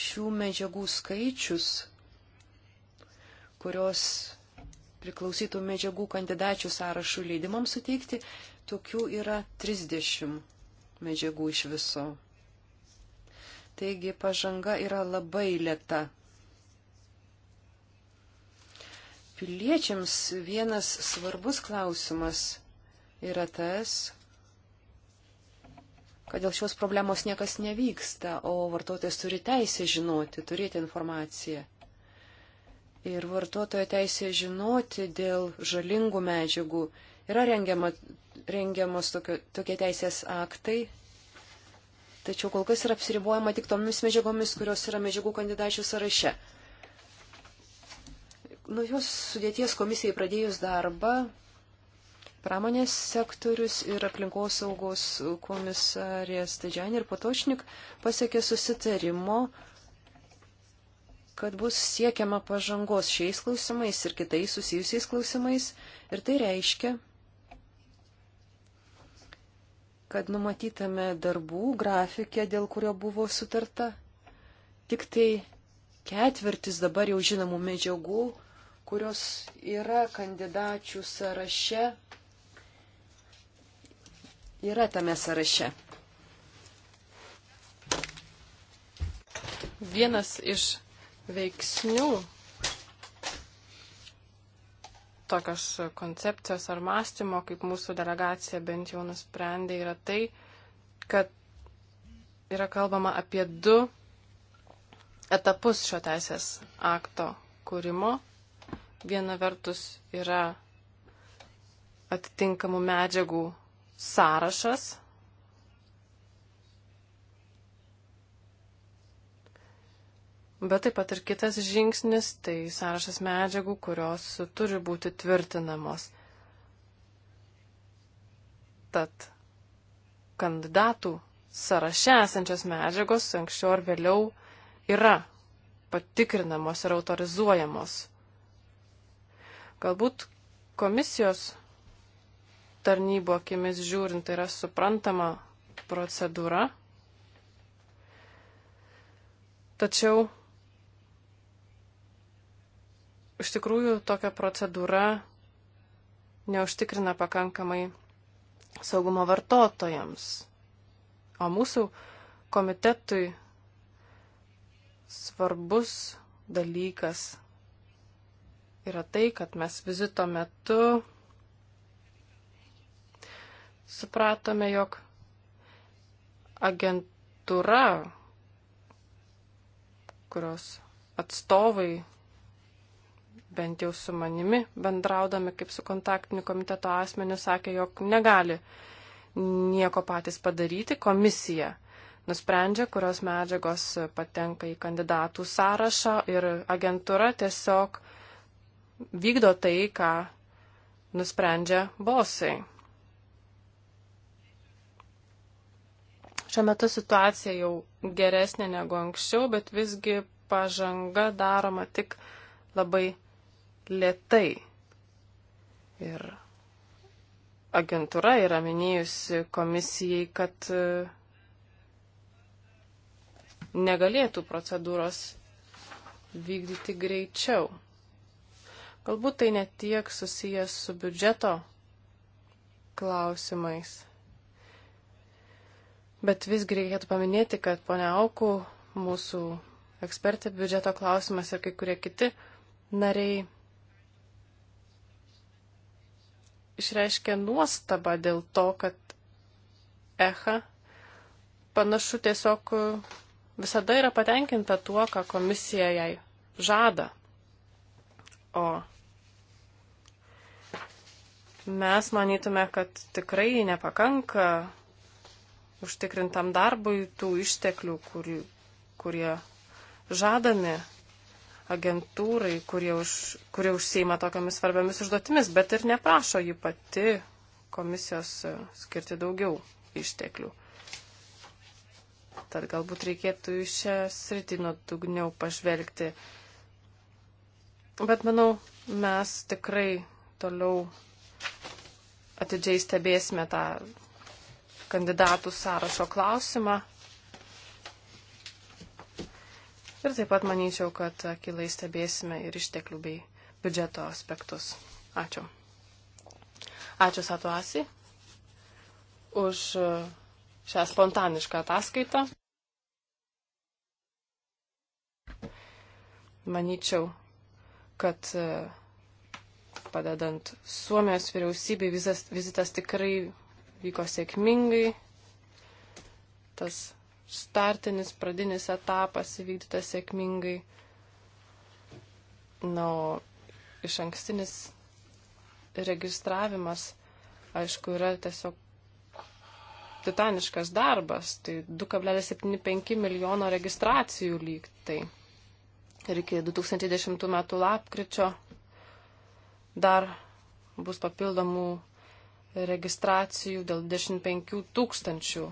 šių medžiagų skaičius, kurios priklausytų medžiagų kandidačių sąrašų leidimams suteikti, tokių yra 30 medžiagų iš viso. Taigi pažanga yra labai lėta. Piliečiams vienas svarbus klausimas yra tas, kad dėl šios problemos niekas nevyksta, o vartotojas turi teisę žinoti, turėti informaciją ir vartotojo teisė žinoti dėl žalingų medžiagų. Yra rengiama, rengiamos tokio, tokie teisės aktai, tačiau kol kas yra apsiribuojama tik tomis medžiagomis, kurios yra medžiagų kandidačių sąraše. Nuo jos sudėties komisijai pradėjus darbą, pramonės sektorius ir aplinkosaugos komisarės Tadžian ir Potočnik pasiekė susitarimo, kad bus siekiama pažangos šiais klausimais ir kitais susijusiais klausimais. Ir tai reiškia, kad numatytame darbų grafikė, dėl kurio buvo sutarta, tik tai ketvirtis dabar jau žinomų medžiagų, kurios yra kandidačių sąraše, yra tame sąraše. Vienas iš veiksnių tokios koncepcijos ar mąstymo, kaip mūsų delegacija bent jau nusprendė, yra tai, kad yra kalbama apie du etapus šio teisės akto kūrimo. Viena vertus yra atitinkamų medžiagų sąrašas, Bet taip pat ir kitas žingsnis, tai sąrašas medžiagų, kurios turi būti tvirtinamos. Tad kandidatų sąraše esančios medžiagos anksčiau ar vėliau yra patikrinamos ir autorizuojamos. Galbūt komisijos tarnybų akimis žiūrint tai yra suprantama procedūra, tačiau iš tikrųjų tokia procedūra neužtikrina pakankamai saugumo vartotojams. O mūsų komitetui svarbus dalykas yra tai, kad mes vizito metu supratome, jog agentūra, kurios atstovai bent jau su manimi bendraudami, kaip su kontaktiniu komiteto asmeniu, sakė, jog negali nieko patys padaryti. Komisija nusprendžia, kurios medžiagos patenka į kandidatų sąrašą ir agentūra tiesiog vykdo tai, ką nusprendžia bosai. Šiuo metu situacija jau geresnė negu anksčiau, bet visgi pažanga daroma tik labai lietai. Ir agentūra yra minėjusi komisijai, kad e, negalėtų procedūros vykdyti greičiau. Galbūt tai netiek susijęs su biudžeto klausimais. Bet visgi reikėtų paminėti, kad ponia Aukų, mūsų ekspertė biudžeto klausimas ir kai kurie kiti nariai išreiškė nuostabą dėl to, kad EHA panašu tiesiog visada yra patenkinta tuo, ką komisija jai žada. O mes manytume, kad tikrai nepakanka užtikrintam darbui tų išteklių, kurį, kurie žadami agentūrai, kurie, už, kurie užseima tokiamis svarbiamis užduotimis, bet ir neprašo jį pati komisijos e, skirti daugiau išteklių. Tad galbūt reikėtų į šią sritį nuodugniau pažvelgti. Bet manau, mes tikrai toliau atidžiai stebėsime tą kandidatų sąrašo klausimą Ir taip pat manyčiau, kad akilai stebėsime ir išteklių bei biudžeto aspektus. Ačiū. Ačiū Satuasi už e, šią spontanišką ataskaitą. Manyčiau, kad e, padedant Suomijos vyriausybei, vizitas tikrai vyko sėkmingai. Tas startinis, pradinis etapas įvykdytas sėkmingai. Na, o iš ankstinis registravimas, aišku, yra tiesiog titaniškas darbas, tai 2,75 milijono registracijų lyg tai. Ir iki 2010 metų lapkričio dar bus papildomų registracijų dėl 25 tūkstančių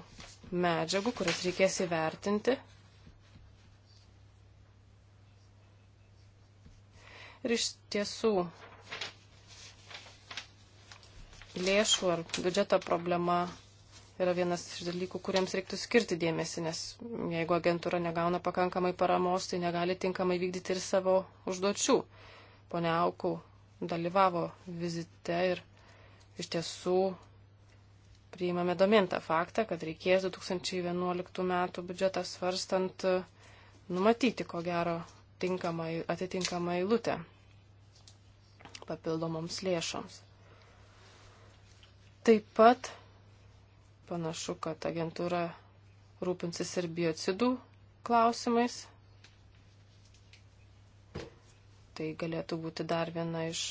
medžiagų, kurias reikės įvertinti. Ir iš tiesų lėšų ar biudžeto problema yra vienas iš dalykų, kuriems reiktų skirti dėmesį, nes jeigu agentūra negauna pakankamai paramos, tai negali tinkamai vykdyti ir savo užduočių. Pone Aukų dalyvavo vizite ir iš tiesų priimame domintą faktą, kad reikės 2011 metų biudžetą svarstant e, numatyti, ko gero, tinkamai, atitinkamą eilutę papildomoms lėšoms. Taip pat panašu, kad agentūra rūpinsis ir biocidų klausimais. Tai galėtų būti dar viena iš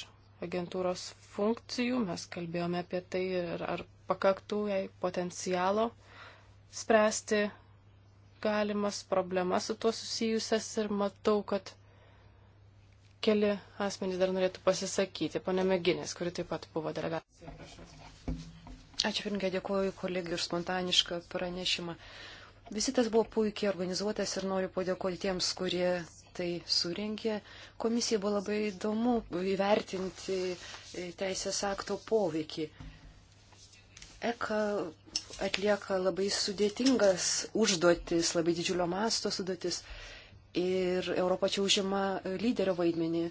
agentūros funkcijų. Mes kalbėjome apie tai ir ar pakaktų jai potencialo spręsti galimas problemas su tuo susijusias ir matau, kad keli asmenys dar norėtų pasisakyti. Pane Meginės, kuri taip pat buvo delegacija. Prašau. Ačiū, pirmininkė, dėkuoju kolegijų už spontanišką pranešimą. Visitas buvo puikiai organizuotas ir noriu padėkoti tiems, kurie tai surinkė. Komisija buvo labai įdomu įvertinti teisės akto poveikį. ECA atlieka labai sudėtingas užduotis, labai didžiulio masto sudėtis ir Europa čia užima lyderio vaidmenį.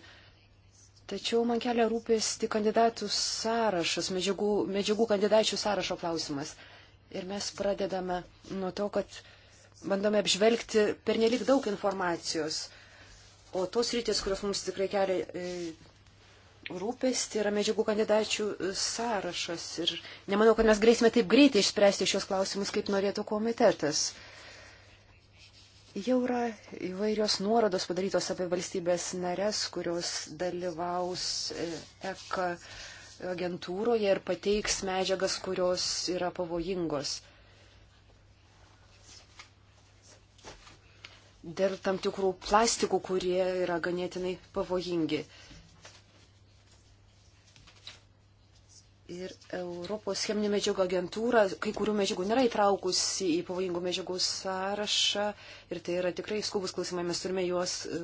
Tačiau man kelia rūpesti kandidatų sąrašas, medžiagų, medžiagų kandidačių sąrašo klausimas. Ir mes pradedame nuo to, kad bandome apžvelgti pernelik daug informacijos. O tos rytis, kurios mums tikrai kelia e, rūpestį yra medžiagų kandidačių sąrašas. Ir nemanau, kad mes grėsime taip greitai išspręsti šios klausimus, kaip norėtų komitetas. Jau yra įvairios nuorodos padarytos apie valstybės narės, kurios dalyvaus ECA e agentūroje ir pateiks medžiagas, kurios yra pavojingos. Dėl tam tikrų plastikų, kurie yra ganėtinai pavojingi. Ir Europos cheminių medžiagų agentūra kai kurių medžiagų nėra įtraukusi į pavojingų medžiagų sąrašą ir tai yra tikrai skubus klausimai, mes turime juos e,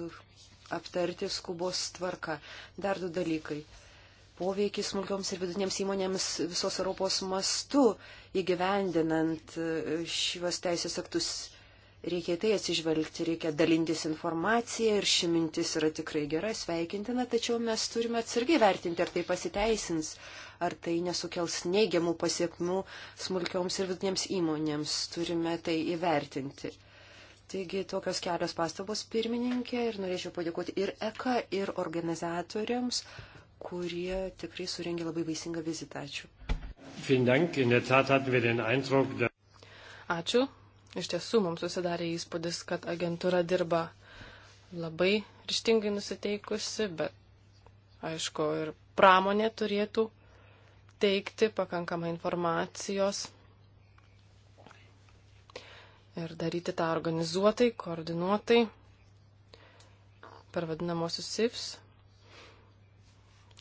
aptarti skubos tvarka. Dar du dalykai. Poveikis smulkioms ir vidutinėms įmonėms visos Europos mastu įgyvendinant e, šiuos teisės aktus. Reikia tai atsižvelgti, reikia dalintis informaciją ir ši mintis yra tikrai gera, sveikintina, tačiau mes turime atsargiai vertinti, ar tai pasiteisins ar tai nesukels neigiamų pasiekmių smulkioms ir vidutinėms įmonėms. Turime tai įvertinti. Taigi tokios kelios pastabos pirmininkė ir norėčiau padėkoti ir ECA, ir organizatoriams, kurie tikrai suringė labai vaisingą vizitą. Ačiū. Ačiū. Iš tiesų mums susidarė įspūdis, kad agentūra dirba labai ryštingai nusiteikusi, bet aišku ir pramonė turėtų teikti pakankamai informacijos ir daryti tą organizuotai, koordinuotai per vadinamosius SIFs.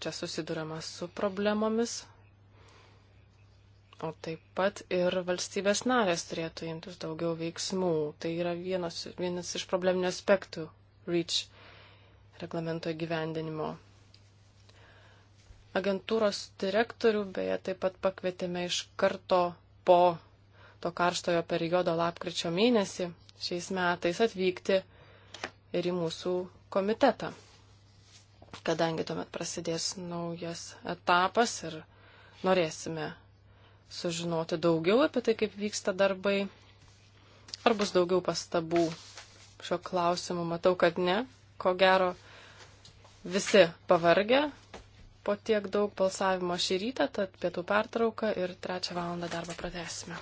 Čia susidurama su problemomis, o taip pat ir valstybės narės turėtų imtis daugiau veiksmų. Tai yra vienas, vienas iš probleminių aspektų REACH reglamento įgyvendinimo agentūros direktorių, beje, taip pat pakvietėme iš karto po to karštojo periodo lapkričio mėnesį šiais metais atvykti ir į mūsų komitetą, kadangi tuomet prasidės naujas etapas ir norėsime sužinoti daugiau apie tai, kaip vyksta darbai. Ar bus daugiau pastabų šio klausimu? Matau, kad ne. Ko gero, visi pavargę, po tiek daug balsavimo šį rytą, tad pietų pertrauką ir trečią valandą darbą pratęsime.